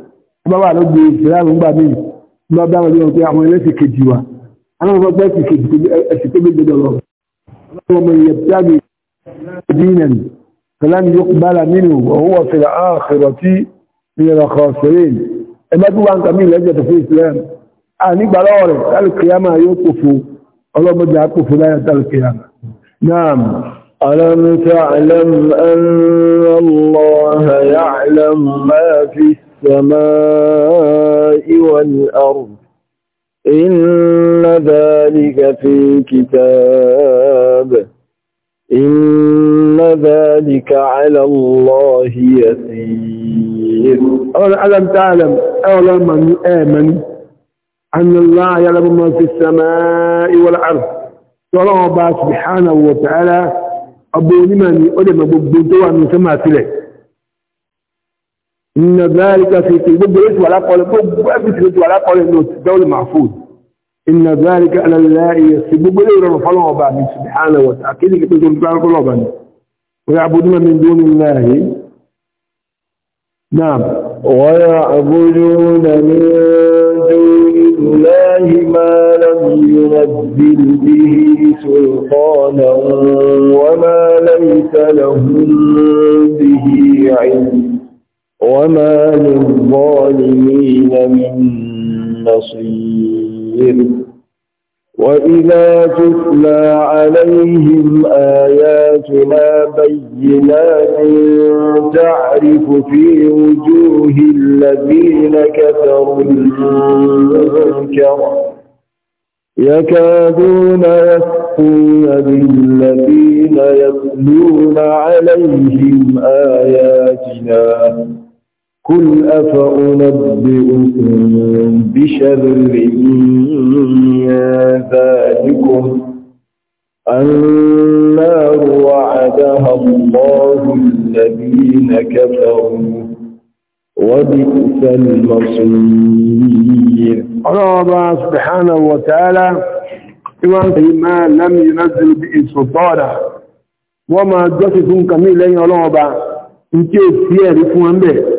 bábà ló gbé ìsìláàmù gbà mí lọ bá wọn lóhun pé àwọn ẹlẹ́sìn kejì wa àwọn ọmọ ọgbẹ́ ẹ̀sìn kejì ẹ̀sìn tó gbé gbọdọ̀ lọ. àwọn ọmọ ìyẹn tí a lè ṣe ní ìnàní kàlámi yóò bá la nínú òun ọ̀sẹ̀ àkẹrọ̀ tí ìyẹn ọkọ̀ ṣeré ẹgbẹ́ tó wà ọlọ́mọdé àkòfò láyé kálùkìyàmà náà ألم تعلم أن الله يعلم ما في السماء والأرض إن ذلك في كتاب إن ذلك على الله يسير ألم تعلم أولم من آمن أن الله يعلم ما في السماء والأرض صلى الله سبحانه وتعالى أبو لمن ألم ببنتوا من سماء سليه inna dhalika fi gbogbo ètò alákọọlẹ gbogbo ẹbìtì ètò alákọọlẹ ní òtù dawul mahfud inna dhalika ala Allahi yasir gbogbo ètò ìrọ̀rùn fọlọ́ ọba mi subhanahu wa ta'ala akéde kí n tó ń fọlọ́ ọba mi wọ́n yà abuduna min dunillahi náà. wọ́n yà abuduna بصير وإذا تتلى عليهم آياتنا بينات تعرف في وجوه الذين كفروا المنكر يكادون يسقون بالذين يتلون عليهم آياتنا قل أفأنبئكم بشر من ذلكم النار وعدها الله الذين كفروا وبئس المصير الله سبحانه وتعالى إمام ما لم ينزل به سلطانا وما جسد كميل لن يلعب إن كيف يعرفون به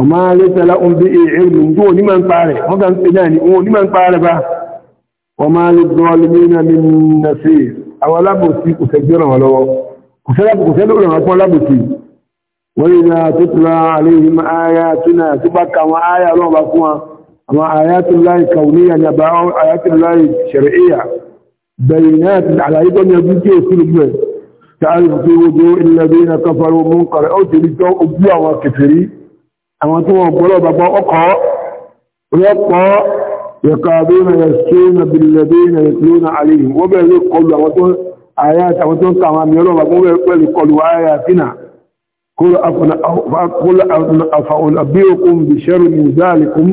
ọmọ alẹ́tẹ̀lá oúnjẹ ìrìnlù tó onímọ̀ ń pa rẹ̀ wọ́n ga ń pè náà ni wọ́n onímọ̀ ń pa rẹ̀ bá ọmọ alẹ́gbọ́ọlùmínà ní nàfẹ́ àwọn alábòsí kò sẹ́gbẹ́ ràn wọ́n lọ́wọ́ kò sẹ́lẹ̀ ràn wọ́n pọ́n alábòsí wọ́n yìí náà tó tura àlẹ́yìn àyà tó náà tó bá ka àwọn àyà àlàyé tó ní ọdún tí èsì lù bẹ̀ tààrí fi wojú ilẹ̀ bí na kọfàrọ̀ mú kọ̀rọ̀ ó ti rí tó ojú àwọn kẹfẹ́rí àwọn tí wọ́n gbọ́rọ̀ bàbá ọkọ̀ rọ́pọ̀ yẹ̀kàbí na yẹ̀ṣẹ́ na bìlẹ̀bí na yẹ̀kìlú na àríyìn wọ́n bẹ̀rẹ̀ lè kọlu àwọn tó àyà àtàwọn tó ń kà àwọn àmì ọlọ́wà wọ́n bẹ̀rẹ̀ pẹ̀lú kọlu àyà àfínà kúrò àfàwọ̀lábíokùn bí ṣẹ́rù ní ìdáàlìkún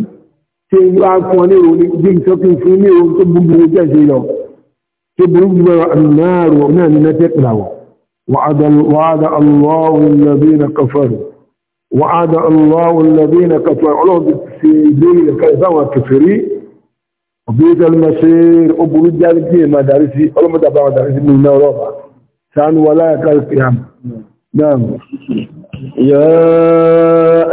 tí ó wá fún ọ ní ìròyìn bí ìṣọ́kùn fún ní ìròyìn tó búburú jẹ́ ṣe lọ tó burú jùlọ àmì náà rò náà ní mẹ́tẹ́kìlà wọ̀ wàdà allahu alladhina kafaru وعد الله الذين كفروا لهم بالسيدين كإسان كفري وبيد المسير أبو رجال جيه ما دارسي ألم دابا ما دارسي من أوروبا سان ولا يكال قيام نعم يا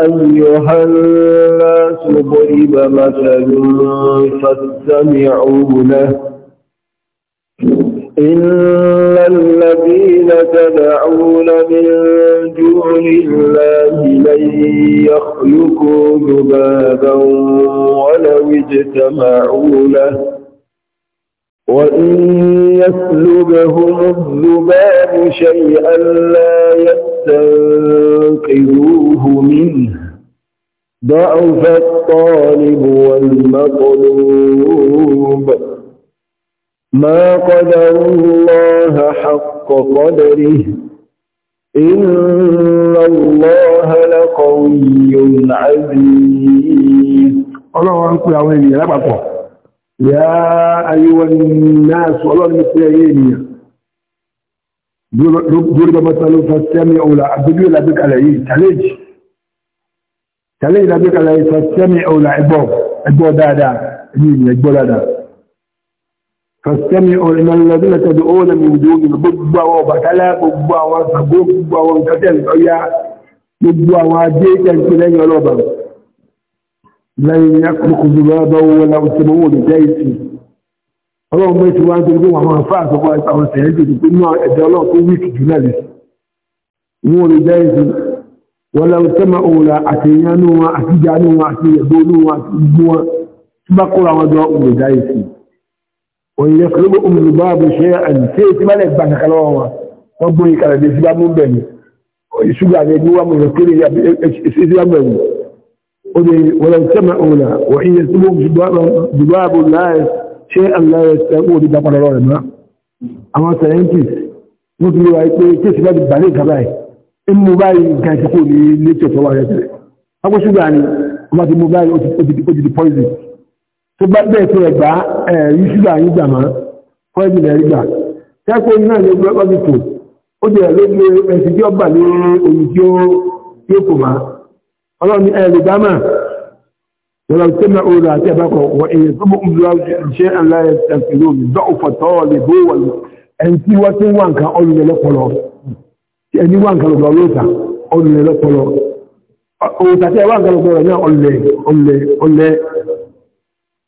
أيها الناس ضرب مثل فاستمعوا له إن الذين تدعون من دون الله لن يخلقوا ذبابا ولو اجتمعوا له وإن يسلبهم الذباب شيئا لا يستنقذوه منه ضعف الطالب والمطلوب ما قدر الله حق قدره إن الله لقوي عزيز الله أنكم يا ويلي يا بطل يا أيها الناس والله المسيحيين ضرب مثل فاستمعوا لا بدو لا بك عليه تلج تلج لا بك عليه فاستمعوا لا عباد عباد دادا مين عباد دادا فاستمعوا لمن الذين تدعون من دون gbogbo àwọn ọ̀bàtálá gbogbo àwọn ṣàgbó gbogbo àwọn ìtọ́jẹ̀ ìtọ́yá gbogbo àwọn ajé ìtẹ́ǹtì lẹ́yìn ọlọ́ọ̀bà lẹ́yìn akọkùnrin lọ́dọ̀ owó láwọn tí wọ́n lè jẹ́ ìsì wọn jọ òwúrà ìsì òun yẹ kọlọ́gbọ́ òmìnirò bá bó ṣe àti tí èsì máa lè gbà kankan lọ́wọ́ wọn wọ́n gbóyìn kàrẹ̀ dé síbá mú bẹ̀ ni ṣúgbà ní ẹgbẹ́ wà mú rẹ̀ kéré síbá mú ẹ̀wù ó ní wọ́n lọ sẹ́mà òun wọ́n yẹ tí wọ́n dùgbà bó láàyè ṣé aláyẹ sẹ́kù òdi dá padà lọ́rẹ̀ mọ́ àwọn scientist wọ́n ti wáyé pé tí èsì bá ti bàlẹ̀ ìkàbá ẹ̀ ń mú báyìí nǹkan ìsìnkú ní nature tó wà rẹ̀ tẹ̀lé tó bá bẹ́ẹ̀ tí ẹgbà ẹ̀rí ṣúgbà yìí gbà máa fún ẹ̀jì rẹ̀ gbà tẹ́kọ̀ iná ní ọgbẹ́ ọ́dìtò ó jẹ́ lójú ẹ̀sìn tí ó bà ní omi tí ó yóò kò máa ọlọ́ni ẹ̀rì dámà lọ́la tí ó máa rà àti ẹ̀bákọ̀ wọ èyí tó bókun lọ ṣe aláyẹ ẹ̀sìn lómi dọ́ọ̀fọ̀ tọ́ọ̀lì bó wà ní ẹni tí wọ́n ti ń wà nǹkan ọlùlẹ̀ lọ́pọlọ ẹni wà nǹkan lọ́pọlọ lóòtà ọlùlẹ̀ lọ́pọlọ òòtà tí ẹ wà nǹkan lọ́pọlọ náà ọlùlẹ̀ ọlùlẹ̀ ọlùlẹ̀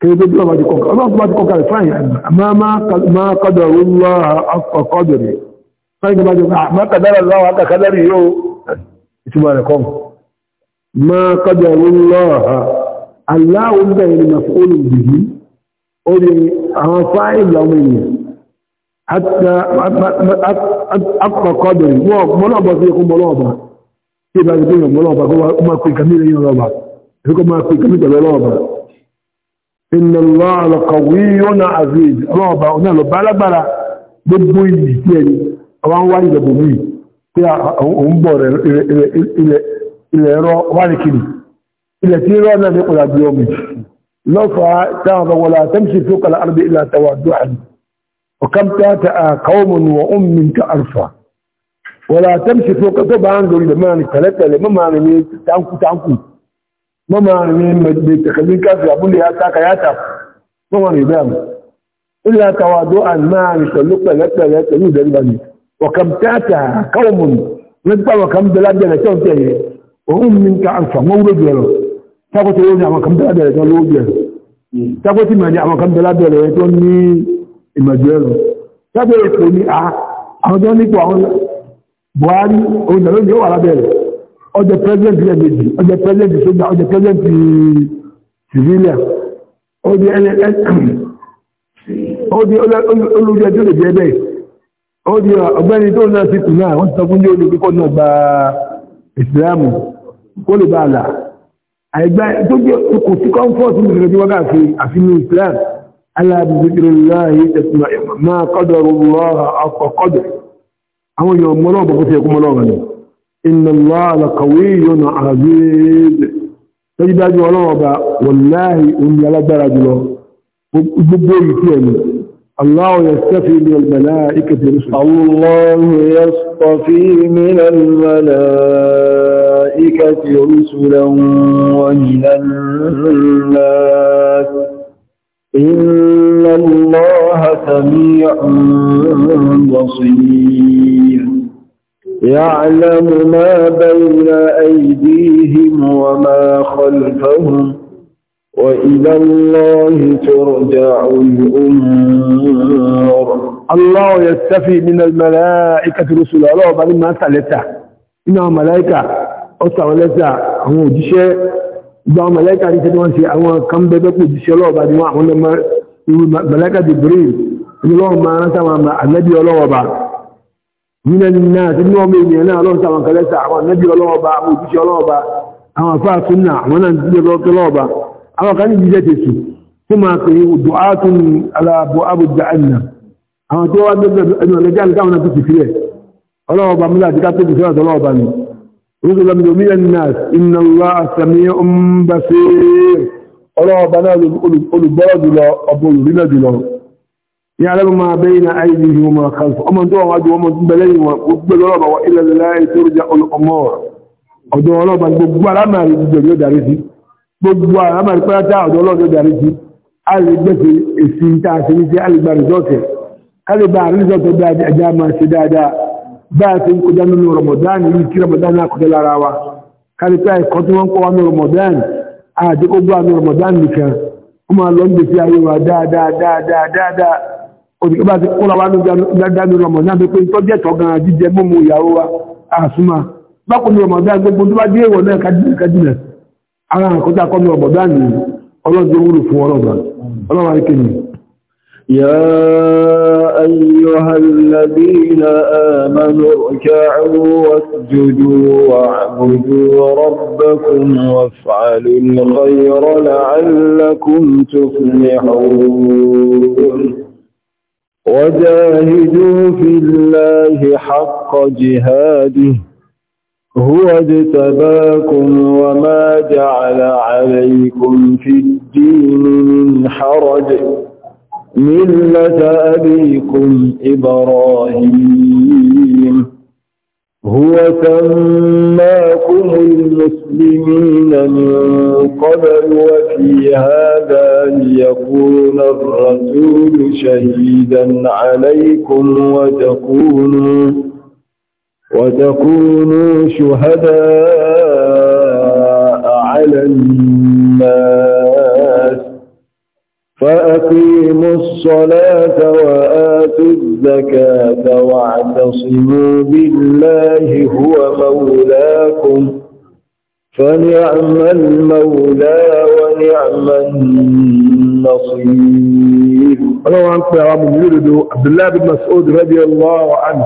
كيف يقول ما تكون الله ما تكون كان فاهم ما ما ما قدر الله حق قدره فاهم ما تكون ما قدر الله حق قدره يو تباركم ما قدر الله الله ده المفعول به أولي فاعل يوميا حتى حق قدره هو ملابا فيكم ملابا كيف يقول ملابا هو ما كان كميل يوم ملابا هو ما كان كميل يوم ملابا inna allah la qawiyyun aziz roba ona lo balagbara gbogbo yìí tí ẹni àwọn wá ilẹ̀ bòmí tí òun bọ̀ rẹ̀ ilẹ̀ ẹ̀rọ wárikiri ilẹ̀ tí rọ́ náà ní ọ̀rọ̀ àgbé ọmọ lọ́fà táwọn rọwọlá mama ne da takalmin kafi abin da ya taka ya tafi mama ne dam illa tawadu'an ma yusalluka lakalaka tani dalbani wa kam tata qaumun nadda wa kam dalada na kyauta ne um min ka alfa mawrud yaro ta ko to ne amma kam dalada da lobi yaro ta ko tima ne amma ọjọ́ president lẹ́gbẹ̀ẹ́jì ọjọ́ president sójà ọjọ́ president civilian ó di olùjẹ́ tó lè jẹ́ bẹ́ẹ̀ ó di ọgbẹ́ni tó náà sí kù náà wọ́n ti sọ fún ní olùkíkọ́ إن الله لقوي عزيز سيدا أجل الله والله إن يلدر أجله بقوي فيه الله يستفي من الملائكة رسلا الله يصطفي من الملائكة رسلا ومن الناس إن الله سميع بصير يعلم ما بين أيديهم وما خلفهم وإلى الله ترجع الأمور الله يستفي من الملائكة رسول الله بل ما سألته إنها ملائكة أسألتها هو جشي إذا ملائكة رسالة شيء أو كم بيبقوا جشي الله بعد ما أقول ملائكة جبريل إن الله ما نسمع النبي الله بعد nílẹ̀ nínú àti ní ọmọ ènìyàn náà lọ́nà àwọn kẹlẹ́sà àwọn nẹ́bí ọlọ́ọba àwọn òjíṣẹ́ ọlọ́ọba àwọn afáà tún náà àwọn náà jíjẹ́ lọ́ọba àwọn kan ní jíjẹ́ tèṣù tí máa pè é dùátún aláàbò àbújá ẹ̀nà àwọn tó wá gbẹ́gbẹ́ ẹnu ọ̀lẹ́jà ní káwọn náà ti fìlẹ̀ ọlọ́ọba múlá àti ká tóbi fẹ́ràn ọlọ́ọba ni rúgbọ́n mi omi lẹ́nu náà iná wá sami ọmọ bá sí ọlọ́ọba náà olùgbọ́rọ̀ jùlọ ọbọ̀ olùrìnà jùlọ يعلم ما بين أيديه وما خلفه ومن دون عدو ومن بلين وقبل ربا وإلى الله ترجع الأمور ọ̀dọ̀ ọlọ́ba gbogbo alámàrí ìjọ̀lẹ́ ìdarí sí gbogbo alámàrí pẹ́látà ọ̀dọ̀ ọlọ́dọ̀ ìdarí sí a lè gbẹ́sẹ̀ èsì ìtaàsí ní sí alìgbà rìsọ́ọ̀tẹ̀ alìgbà rìsọ́ọ̀tẹ̀ bí ajá máa ṣe dáadáa bá a ti ń kọjá nínú rọmọdán yìí kí rọmọdán náà kọjá lára wa kárípẹ́ ẹ̀kọ́ tí wọ́n kọ́ wa ní rọmọdán àti gbogbo àmì rọmọdán nìkan ó máa lọ ń gbèsè ayé wa dáadáa dáadáa dáadáa òdìkọ́ bá ti kóra wá ló dáadáa rọmọ̀ náà pé tó tọ́ gan jíjẹ mọ́mú ìyàwó wa àsúnmà bákan ní ọmọdé agbègbè tó bá dé ìwọ̀ náà kájìlẹ̀ ara nǹkan tó akọ́nù ọmọdé àmì ọlọ́dún يا أيها الذين آمنوا اركعوا واسجدوا واعبدوا ربكم وافعلوا الخير لعلكم تفلحون وجاهدوا في الله حق جهاده هو اجتباكم وما جعل عليكم في الدين من حرج ملة أبيكم إبراهيم هو سماكم المسلمين من قبل وفي هذا ليكون الرسول شهيدا عليكم وتكونوا وتكونوا شهداء على الناس فأقيموا الصلاة وآتوا الزكاة واعتصموا بالله هو مولاكم فنعم المولى ونعم النصير أنا عن أبو يرد عبد الله بن مسعود رضي الله عنه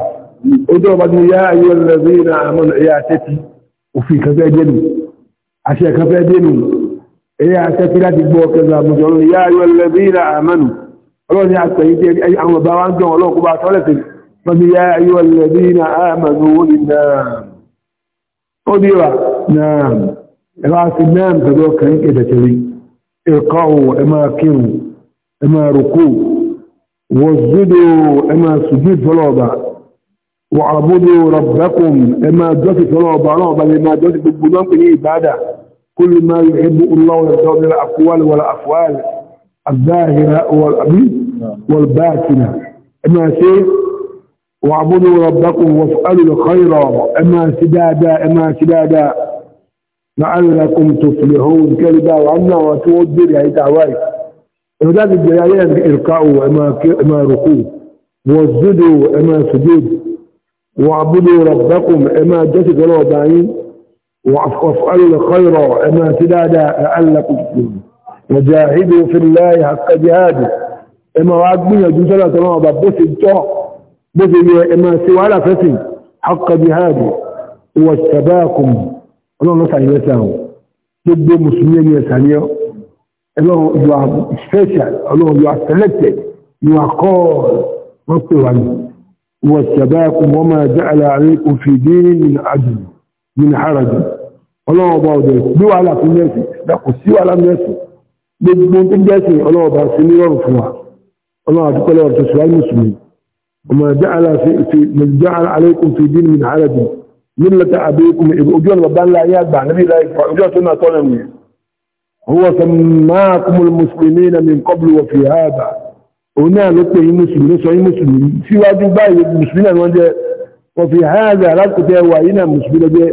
ادعوا يا أيها الذين آمنوا يا تتي وفي كذا جنب عشان كذا جنب ilé àṣẹ tí láti gbọ́ ọkẹ̀lẹ̀ àmùjọ ọ̀rọ̀ ìyá ayọ́ lẹ́bí ìlà àmánù ọlọ́run ni àpẹ̀yí tí àwọn ọba wá ń dán ọlọ́run kó bá tọ́lẹ̀ sí mọ́bí ìyá ayọ́ lẹ́bí ìlà àmánù ó ní náà ó ní wà náà ẹ̀rọ àti náà pẹ̀lú ọkàn ìdẹ̀tẹ̀rí ẹ̀kọ́ ẹ máa كل ما يحب الله ويرضى من الأقوال والأفعال الظاهرة والباطنة أما شيء واعبدوا ربكم واسالوا الخير أما سدادا أما سدادا لعلكم تفلحون كلبا وعنا وتودر يعني دعواي وذلك الجلالين الإلقاء وإما إما ركوع وزدوا إما سجود واعبدوا ربكم إما جسد الله وافعلوا الخير اما تدادا لعلكم تفلحون وجاهدوا في الله حق جهاده اما واجبنا جزلا تمام بس الجو بس اما سوى على فتي حق جهاده هو الله نسعى يسعه ضد مسلمين يسعيه الله you سبيشال الله you are selected you هو وما جعل عليكم في دين من عجل min harajì ọlọ́wọ́ ọba ọ̀dọ̀ bí wàhálà fún mẹ́sì dàpọ̀ sí wàhálà mẹ́sì gbogbo tó jẹ́sìn ọlọ́wọ́ ọba sí ní rọrùn fún wa ọlọ́wọ́ àdúpẹ́lẹ́ ọ̀tọ̀ sí wáyé mùsùlùmí ọmọ ẹ̀jẹ̀ aláìkùn fi dín min harajì nílẹ̀tẹ̀ àbíkùn ojú ọ̀nà bàbá ńlá ayé àgbà níbi ìlà ìfà náà tọ́lẹ̀ mi هو المسلمين من قبل وفي هذا هنا لقي مسلم لسوي مسلم في وادي باي مسلمين وفي هذا لا تتوى هنا مسلمين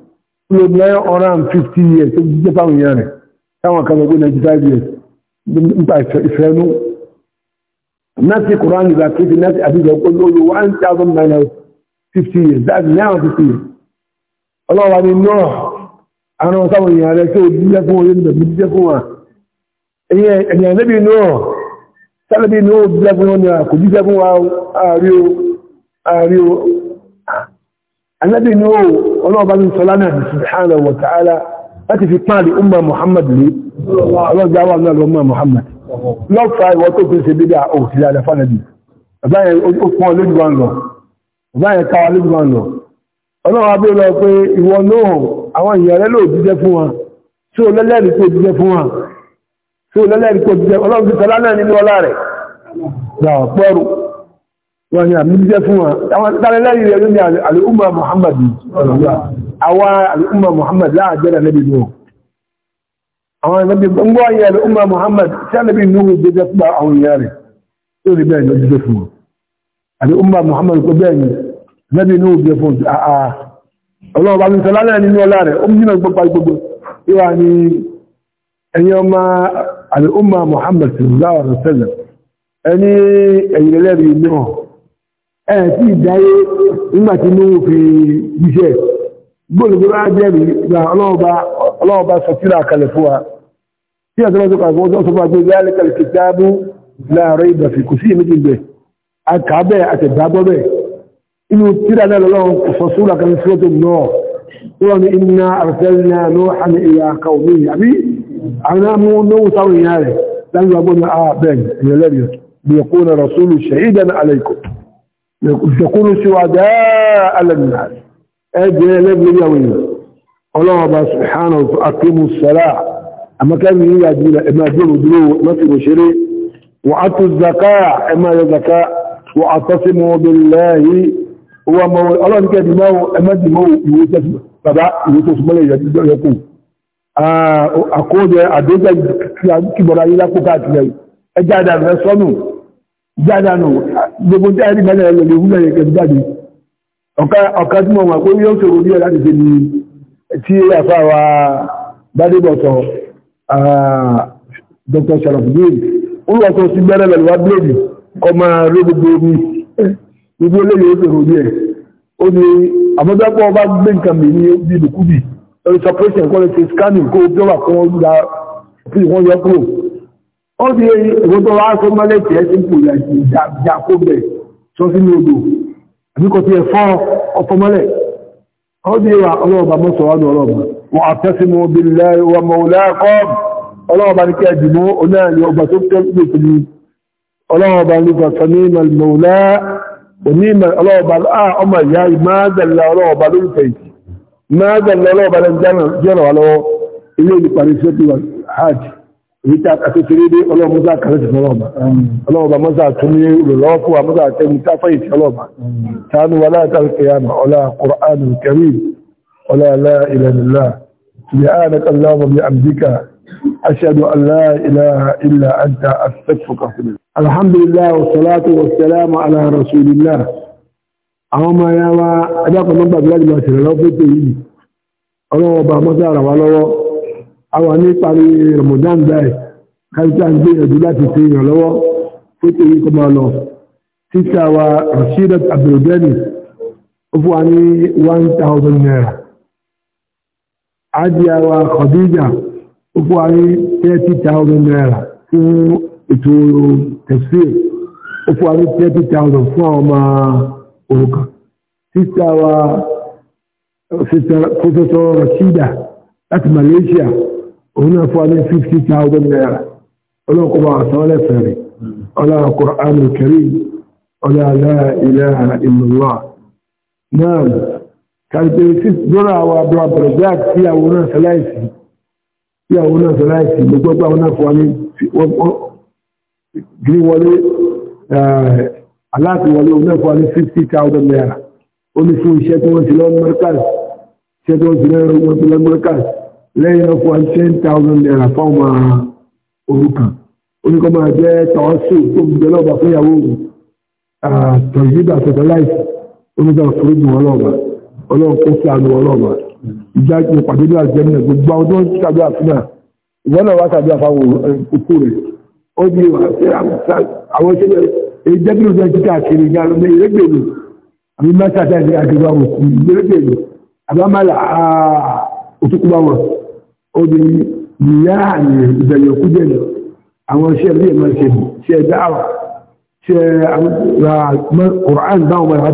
ló ní ọ̀rán 50 years tó jẹ́ fáwọn èèyàn rẹ̀ táwọn kan gbogbo 95 years nípa ìfẹ́nú láti koran ìgbà kéde láti àbíjọ pé lórí 1000 50 years láti ní àwọn 50 years ọlọ́wà ní náà àwọn sáwọn èèyàn rẹ̀ tó jíjẹ́ fún orí nígbà jíjẹ́ fún wa èèyàn lẹ́bí náà sálẹ́bí náà jíjẹ́ fún wọn kò jíjẹ́ fún wa ààrí o ààrí o ọlọ́ọ̀bá ní sọ lánàá bí subhanahu wa ta'ala láti fi pán àdì umma muhammad lè ọlọ́gbà wà náà lọ́mọ muhammad lọ́fà ìwọ tó fi ṣe bídá ò sí dáadáa fánàbí ọ̀báyẹn ó pọn lójú wa ń lọ ọ̀báyẹn káwa lójú wọ́n ni àmì jẹ́ fún wọn àwọn tàbílẹ́yìn rẹ̀ ní al'umma muhammad àwa al'umma muhammad láàjẹ́rẹ̀ lẹ́bí ní àwọn ẹgbẹ́ gbọ́ ayé al'umma muhammad sálẹ́bí ní ohun jẹ́ fún àwọn ìyá rẹ̀ tó rí bẹ́ẹ̀ lọ́jọ́ jẹ́ fún wọn al'umma muhammad kò bẹ́ẹ̀ ni lẹ́bí ní ohun jẹ́ fún ọlọ́run bá mi sọ ẹ̀ tí ìdáyé nígbàtí ní ó fi jíṣẹ́ gbóòlùgbò rá jẹ́rì gba ọlọ́ọ̀bá sọtíra kalẹ̀ fún wa tí àtọ́lọ́ tó kàkọ́ tó sọ pàgbé láàrín kalẹ̀ kìtàbù láàrín ìbàfẹ́ kò sí ìmẹ́jì bẹ̀ akábẹ́ àtẹ̀dábọ́ inú tíra náà lọ́wọ́ kò sọ تكون شهداء للناس أجل لابن يومين الله أبا سبحانه وتأقيموا الصلاة أما كان يجب إما دلو دلو مثل شريك وأتوا الزكاة إما الزكاة وأعتصموا بالله هو مو... الله نكاد مو أما مو يوتس بابا يوتس ملي يكون أقول أدوك كبرائي لكو كاتلي أجاد الرسول jádánù gbogbo tí a rí mẹ́lẹ̀ ẹlẹ́lẹ́ ìwúlẹ̀ ẹ̀kẹ́ jáde ọ̀ká tí mọ̀ wà pé yóò ṣòro díẹ̀ láti ṣe ni tí àfá wa dádébọ̀tọ̀ Dr. sharafudin olùwàtọ̀ sí gbẹ́rẹ́ pẹ̀lú wa bléèdì kọ máa rí gbogbo omi gbogbo eléyìí ó ṣòro díẹ̀ ó ní àmọ́dápọ̀ bá gbé nǹkan mi ní bí lùkúbì lórí separation kọ́lẹ̀ ti scanning kó bí wà kọ́ wọ́n yọ kúrò ó di ìwòtò wá só mọ́lẹ̀ tí ẹ́ sínkù rẹ̀ ti jàkó bẹ̀ sọ sí ní odò àbíkọ́ tí ẹ fọ́ ọ̀fọ́ mọ́lẹ̀ ó di ìwà ọlọ́ọ̀bà mọ́sọ̀ wá ní ọlọ́ọ̀bà wọ́n àtẹ́sìmọ̀ billahi wa mawlaakum ọlọ́ọ̀bà ní kí ẹ dìbò onáàlì ọba tó tẹ́ ní ìpìlì ọlọ́ọ̀bà ní gbàtọ̀ ní mọ̀lá òní ọlọ́ọ̀bà ọmọ ìyá ìmáàdàlá ọlọ́ọ̀bà lórúkẹ̀ ìta àkókèrèdé ọlọ́mọ́sá kàrẹ́sì fọ́lọ́ọ̀bà ọlọ́ọ̀bà mọ́sá tún ní olùlọ́ọ̀fọ́ àmọ́sá tẹ́mù táfẹ́yìtì ọlọ́ọ̀bà tánú wà látàríkìyàmà ọlá kùránù kẹrì ọlá ilẹ̀lẹ́lá سبحانك اللهم وبحمدك أشهد أن لا إله إلا أنت أستغفرك الحمد لله والصلاة والسلام على رسول àwọn ní parí Ramadan báyìí káríta ń gbìyànjú láti ṣe ìrànlọ́wọ́ tó tó yí kọmọ lọ títà wa Rashidat Abdulgani ó fún one thousand naira ájíà wa Khadija ó fún thirty thousand naira fún ètò tafsir ó fún wa ní 30,000 fún àwọn ọmọ òrukàn títà wa Professor Rashida láti Malaysia òun náà fún ní 50,000 naira ọlọ́kọ̀ọ́bà àtàwọlẹ́fẹ̀ẹ́rẹ̀ ọlá Qur'an al-Karim ọlá la ilaha illallah náà kàrìtẹ̀rẹ̀sìs dọ́rọ̀ àwọn àbúrà bẹ̀rẹ̀gbẹ́ tí àwọn náà sẹ́láìsì tí àwọn náà sẹ́láìsì gbogbo àwọn náà fún ní gíríwọlé eh, aláàtiwọlé òun náà fún ní 50,000 naira ó ní fún iṣẹ́ tí wọ́n ti lọ́ lẹ́yìn ọkọ̀ ten thousand naira fáwọn olùkàn oníkọ́mọ ẹgbẹ́ tọ́sí tó ń gbẹ lọ́ba fún ìyàwó tọ̀yídà sọ̀tọ̀láìsì oníkà fúrúdù ọlọ́ọ̀bà ọlọ́ọ̀ kó sí àánú ọlọ́ọ̀bà ìjájú pàdé ní àjẹmínà gbogbo àwọn tó ń tàbí àfúnà ìwọ́n náà wá tàbí àfáwọn òkú rẹ̀ ó di àwọn ìṣẹ́lẹ̀ èyí jẹ́gbẹ̀rún tó ń kíkà kiri ní alẹ́ ìrẹ́gbẹ̀rù àbí mẹ́ta tẹ́lẹ̀ àgbẹ̀rù àwọn òkú ìrẹ́gbẹ̀rù àbámálà òtúkú bá obìnrin yìíyá àmì ìbẹ̀rẹ̀ òkú jẹ́lẹ̀ àwọn iṣẹ́ ilé ìmọ̀ ṣe bù ṣe dáwà ṣe ọ̀rán dáwọn ọ ọ ọ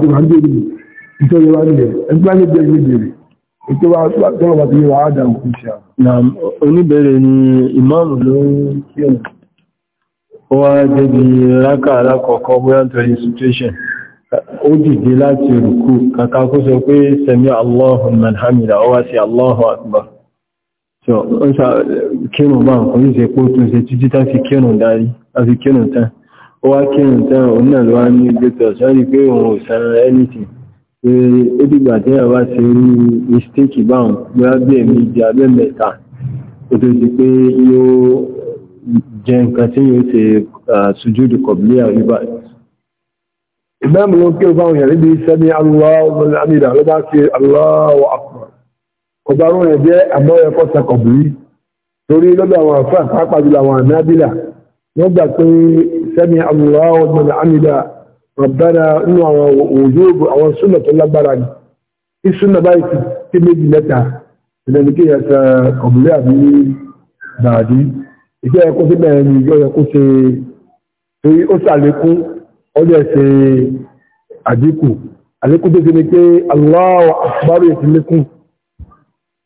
ọ situation ó dìde láti rùkú sọ pé sí kírùn bá nǹkan ní ìsẹ̀pọ̀ tó ṣe títí tá fi kírùn darí a fi kírùn tán ó wá kírùn tán òun náà ló wá ní gbẹ́tọ̀ sọ́rí pé òun ò san anything pé ó dìgbà tí a bá ṣe rí mistake báhùn bóyá bí ẹ̀mí ìdí abẹ́ mẹ́ta ó tó ti pé yóò jẹ nǹkan tí yóò ṣe sùjúdù kọ̀bílé àríbá ìmáàmù ló kí o báwọn yàrá ibi sẹ́mi aláwọ̀ ọba rán ẹ̀jẹ́ àbọ́yẹ̀kọ́ sakọ̀bìrí torí lọ́dọ̀ àwọn àfáà pàápàá jùlọ àwọn ànábìlà wọ́n gbà pé sẹ́mi Allahu liman hamida rabbana nínú àwọn òjòòbò àwọn súnà tó lágbára ní kí súnà báyìí ti ké méjì mẹ́ta ìdánilké ẹ̀sẹ̀ kọ̀bìrí àbí bàdí ìjọ ẹ̀kọ́ sí bẹ̀rẹ̀ ní ìjọ ẹ̀kọ́ ṣe torí ó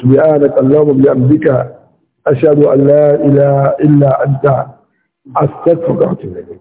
سبحانك اللهم بأمدك أشهد أن لا إله إلا أنت أستغفرك وأتوب إليك